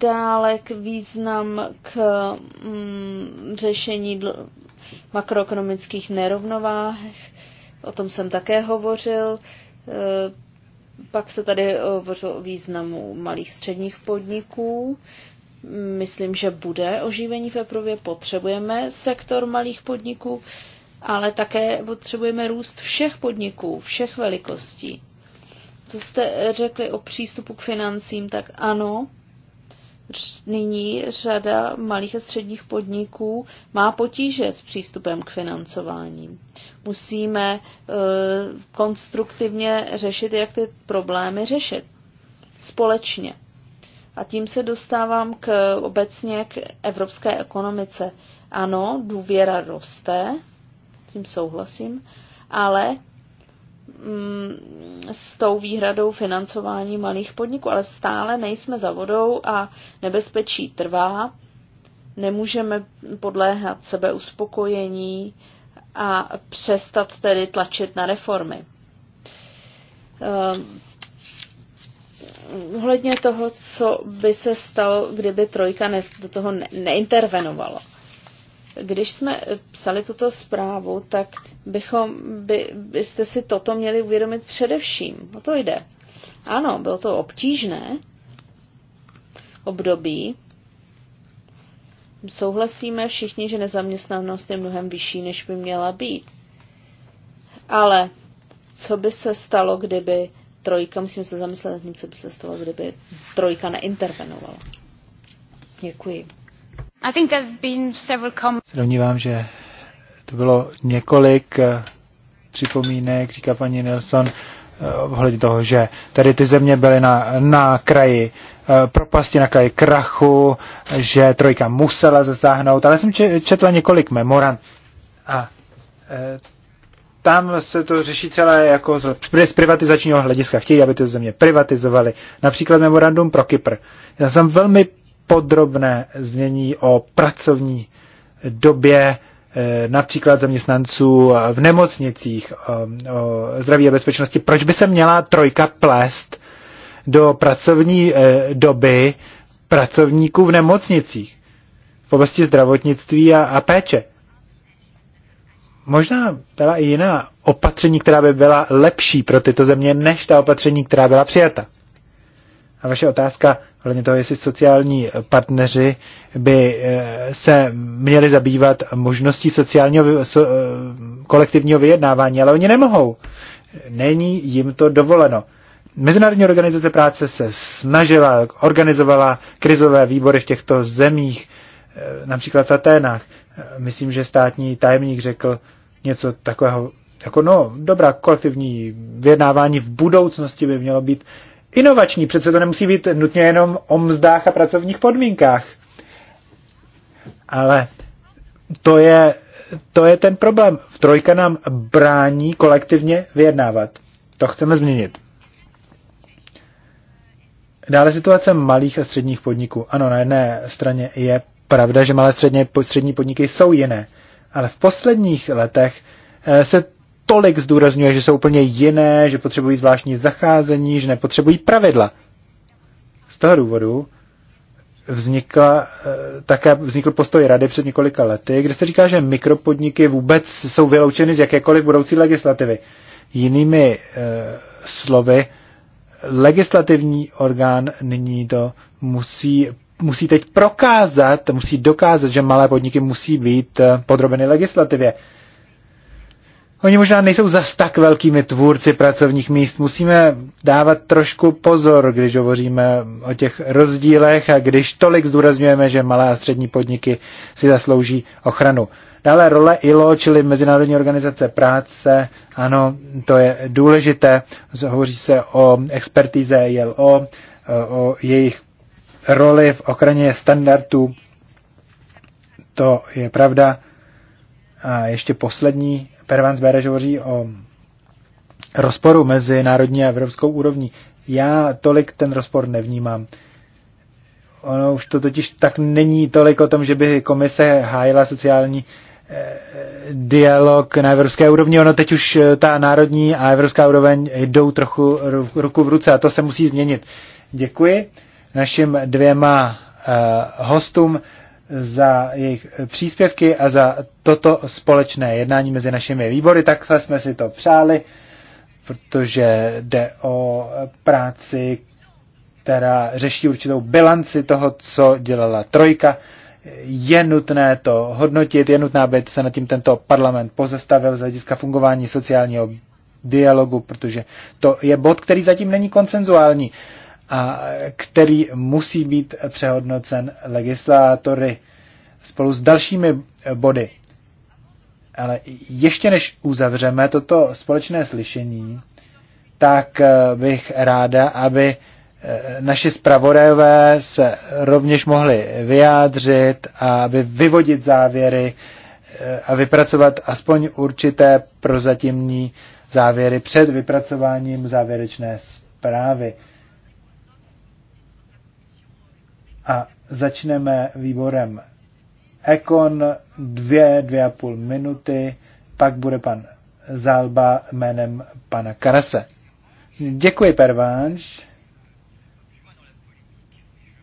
dále k význam k mm, řešení dl- makroekonomických nerovnovách, o tom jsem také hovořil, e, pak se tady hovořil o významu malých středních podniků. Myslím, že bude oživení v Evropě. Potřebujeme sektor malých podniků, ale také potřebujeme růst všech podniků, všech velikostí. Co jste řekli o přístupu k financím, tak ano, nyní řada malých a středních podniků má potíže s přístupem k financování. Musíme e, konstruktivně řešit, jak ty problémy řešit společně. A tím se dostávám k obecně k evropské ekonomice. Ano, důvěra roste, tím souhlasím, ale Mm, s tou výhradou financování malých podniků, ale stále nejsme za vodou a nebezpečí trvá. Nemůžeme podléhat sebeuspokojení a přestat tedy tlačit na reformy. Ehm, ohledně toho, co by se stalo, kdyby trojka do toho neintervenovala. Když jsme psali tuto zprávu, tak bychom, by, byste si toto měli uvědomit především. O to jde. Ano, bylo to obtížné období. Souhlasíme všichni, že nezaměstnanost je mnohem vyšší, než by měla být. Ale co by se stalo, kdyby trojka, musím se zamyslet nad tím, co by se stalo, kdyby trojka neintervenovala. Děkuji. I think been several Domnívám, že to bylo několik eh, připomínek, říká paní Nelson, eh, ohledně toho, že tady ty země byly na, na kraji eh, propasti, na kraji krachu, že trojka musela zasáhnout, ale jsem četla několik memorand a tam se to řeší celé jako z privatizačního hlediska. Chtějí, aby ty země privatizovaly. Například memorandum pro Kypr. Já jsem velmi podrobné znění o pracovní době eh, například zaměstnanců eh, v nemocnicích, eh, o zdraví a bezpečnosti. Proč by se měla trojka plést do pracovní doby pracovníků v nemocnicích v oblasti zdravotnictví a, a péče? Možná byla i jiná opatření, která by byla lepší pro tyto země, než ta opatření, která byla přijata. A vaše otázka ohledně toho, jestli sociální partneři by eh, se měli zabývat možností sociálního so, eh, kolektivního vyjednávání, ale oni nemohou. Není jim to dovoleno. Mezinárodní organizace práce se snažila, organizovala krizové výbory v těchto zemích, eh, například v Aténách. Myslím, že státní tajemník řekl něco takového, jako no, dobrá kolektivní vyjednávání v budoucnosti by mělo být inovační. Přece to nemusí být nutně jenom o mzdách a pracovních podmínkách. Ale to je, to je ten problém. Trojka nám brání kolektivně vyjednávat. To chceme změnit. Dále situace malých a středních podniků. Ano, na jedné straně je pravda, že malé středně, střední podniky jsou jiné, ale v posledních letech eh, se tolik zdůrazňuje, že jsou úplně jiné, že potřebují zvláštní zacházení, že nepotřebují pravidla. Z toho důvodu vznikla, eh, také vznikl postoj rady před několika lety, kde se říká, že mikropodniky vůbec jsou vyloučeny z jakékoliv budoucí legislativy. Jinými e, slovy, legislativní orgán nyní to musí, musí teď prokázat, musí dokázat, že malé podniky musí být eh, podrobeny legislativě. Oni možná nejsou zas tak velkými tvůrci pracovních míst. Musíme dávat trošku pozor, když hovoříme o těch rozdílech a když tolik zdůrazňujeme, že malé a střední podniky si zaslouží ochranu. Dále role ILO, čili Mezinárodní organizace práce, ano, to je důležité. Hovoří se o expertize ILO, o jejich roli v ochraně standardů. To je pravda. A ještě poslední Pervans Bereš hovoří o rozporu mezi národní a evropskou úrovní. Já tolik ten rozpor nevnímám. Ono už to totiž tak není tolik o tom, že by komise hájila sociální eh, dialog na evropské úrovni. Ono teď už eh, ta národní a evropská úroveň jdou trochu ruku v ruce a to se musí změnit. Děkuji našim dvěma eh, hostům za jejich příspěvky a za toto společné jednání mezi našimi výbory. Takhle jsme si to přáli, protože jde o práci, která řeší určitou bilanci toho, co dělala trojka. Je nutné to hodnotit, je nutné, aby se nad tím tento parlament pozastavil z hlediska fungování sociálního dialogu, protože to je bod, který zatím není konsenzuální a který musí být přehodnocen legislátory spolu s dalšími body. Ale ještě než uzavřeme toto společné slyšení, tak eh, bych ráda, aby eh, naši zpravodajové se rovněž mohli vyjádřit a aby vyvodit závěry eh, a vypracovat aspoň určité prozatímní závěry před vypracováním závěrečné zprávy. A začneme výborem Ekon dvě, dvě a půl minuty, pak bude pan Zálba jménem pana Karase. Děkuji, Pervánš.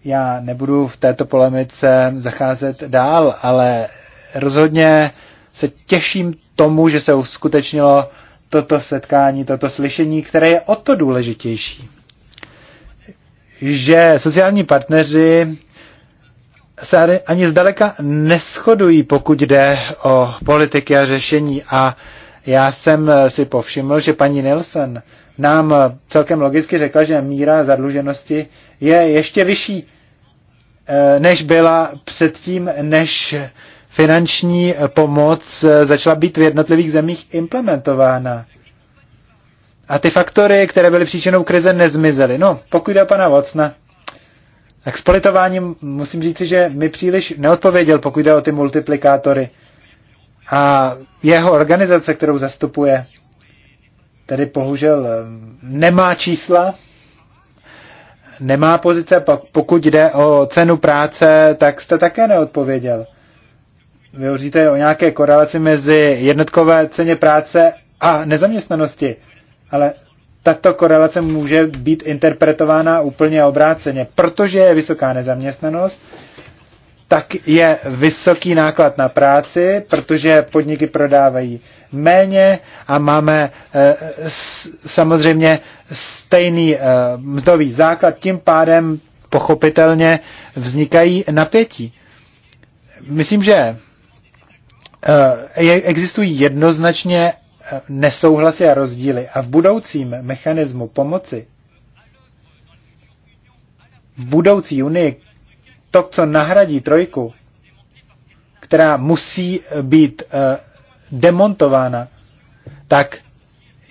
Já nebudu v této polemice zacházet dál, ale rozhodně se těším tomu, že se uskutečnilo toto setkání, toto slyšení, které je o to důležitější že sociální partneři se ani zdaleka neschodují, pokud jde o politiky a řešení. A já jsem si povšiml, že paní Nelson nám celkem logicky řekla, že míra zadluženosti je ještě vyšší, eh, než byla předtím, než finanční pomoc eh, začala být v jednotlivých zemích implementována. A ty faktory, které byly příčinou krize, nezmizely. No, pokud jde o pana Vocna, tak s politováním musím říci, že mi příliš neodpověděl, pokud jde o ty multiplikátory. A jeho organizace, kterou zastupuje, tedy bohužel eh, nemá čísla, nemá pozice, pokud jde o cenu práce, tak jste také neodpověděl. Vy hovoříte o nějaké korelaci mezi jednotkové ceně práce a nezaměstnanosti ale tato korelace může být interpretována úplně obráceně. Protože je vysoká nezaměstnanost, tak je vysoký náklad na práci, protože podniky prodávají méně a máme e, samozřejmě stejný e, mzdový základ, tím pádem pochopitelně vznikají napětí. Myslím, že e, existují jednoznačně nesouhlasy a rozdíly a v budoucím mechanismu pomoci v budoucí unii to, co nahradí trojku, která musí být eh, demontována, tak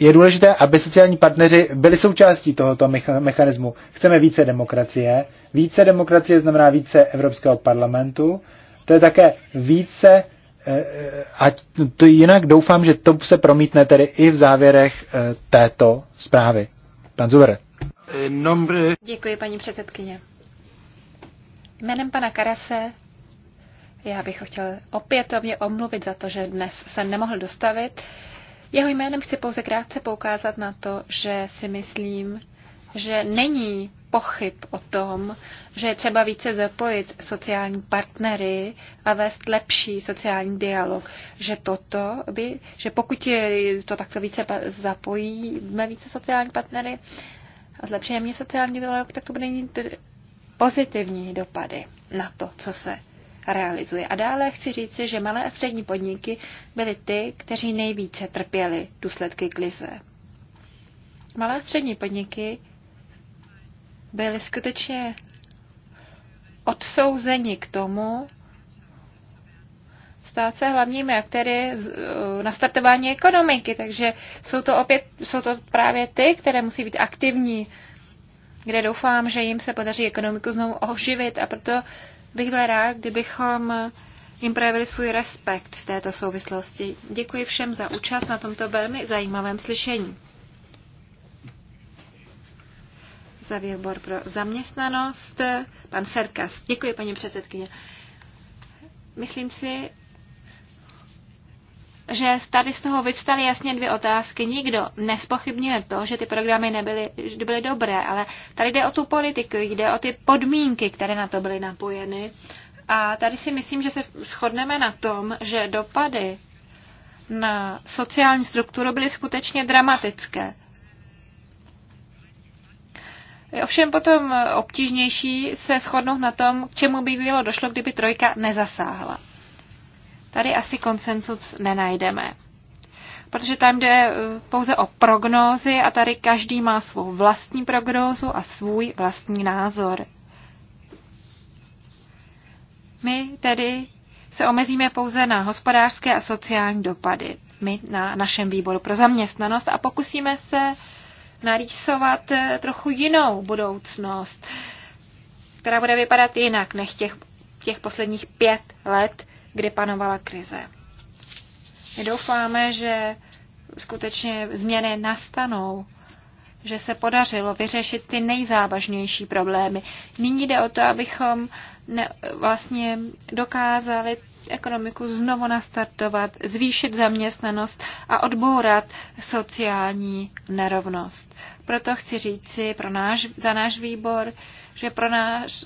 je důležité, aby sociální partneři byli součástí tohoto mechanismu. Chceme více demokracie. Více demokracie znamená více Evropského parlamentu. To je také více Eh, eh, a to jinak doufám, že to se promítne tedy i v závěrech eh, této zprávy. Pan Zuber. Děkuji, paní předsedkyně. Jménem pana Karase já bych ho chtěl opětovně omluvit za to, že dnes se nemohl dostavit. Jeho jménem chci pouze krátce poukázat na to, že si myslím, že není pochyb o tom, že je třeba více zapojit sociální partnery a vést lepší sociální dialog. Že toto by, že pokud je to takto více zapojíme více sociální partnery a zlepšíme sociální dialog, tak to bude mít pozitivní dopady na to, co se realizuje. A dále chci říci, že malé a střední podniky byly ty, kteří nejvíce trpěli důsledky klize. Malé a střední podniky byli skutečně odsouzeni k tomu, stát se hlavními aktéry eh, na startování ekonomiky. Takže jsou to, opět, jsou to právě ty, které musí být aktivní, kde doufám, že jim se podaří ekonomiku znovu oživit a proto bych byl rád, kdybychom jim projevili svůj respekt v této souvislosti. Děkuji všem za účast na tomto velmi zajímavém slyšení. za výbor pro zaměstnanost, pan Serkas. Děkuji, paní předsedkyně. Myslím si, že tady z toho vyvstaly jasně dvě otázky. Nikdo nespochybňuje to, že ty programy nebyly že byly dobré, ale tady jde o tu politiku, jde o ty podmínky, které na to byly napojeny. A tady si myslím, že se shodneme na tom, že dopady na sociální strukturu byly skutečně dramatické. Ovšem potom obtížnější se shodnout na tom, k čemu by bylo došlo, kdyby trojka nezasáhla. Tady asi konsensus nenajdeme, protože tam jde eh, pouze o prognózy a tady každý má svou vlastní prognózu a svůj vlastní názor. My tedy se omezíme pouze na hospodářské a sociální dopady, my na našem výboru pro zaměstnanost a pokusíme se narýsovat eh, trochu jinou budoucnost, která bude vypadat jinak než těch, těch posledních pět let, kdy panovala krize. My doufáme, že skutečně změny nastanou, že se podařilo vyřešit ty nejzávažnější problémy. Nyní jde o to, abychom ne, vlastně dokázali ekonomiku znovu nastartovat, zvýšit zaměstnanost a odbourat sociální nerovnost. Proto chci říci pro náš, za náš výbor, že pro náš,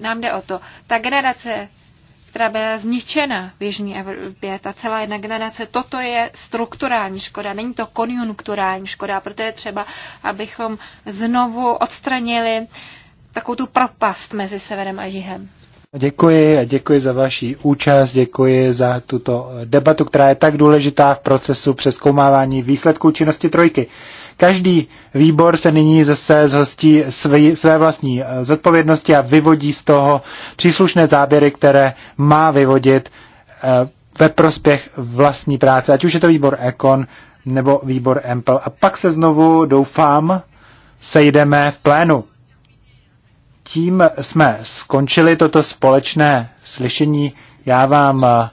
nám jde o to. Ta generace, která byla zničena v Jižní Evropě, ta celá jedna generace, toto je strukturální škoda, není to konjunkturální škoda, proto je třeba, abychom znovu odstranili uh, takovou tu propast mezi severem a jihem. Děkuji a děkuji za vaši účast, děkuji za tuto debatu, která je tak důležitá v procesu přeskoumávání výsledků činnosti trojky. Každý výbor se nyní zase zhostí své, své vlastní zodpovědnosti a vyvodí z toho příslušné záběry, které má vyvodit eh, ve prospěch vlastní práce, ať už je to výbor Econ nebo výbor Empel. A pak se znovu, doufám, sejdeme v plénu tím jsme skončili toto společné slyšení. Já vám eh,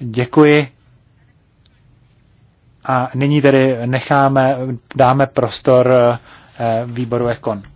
děkuji a nyní tedy necháme, dáme prostor eh, výboru Ekon.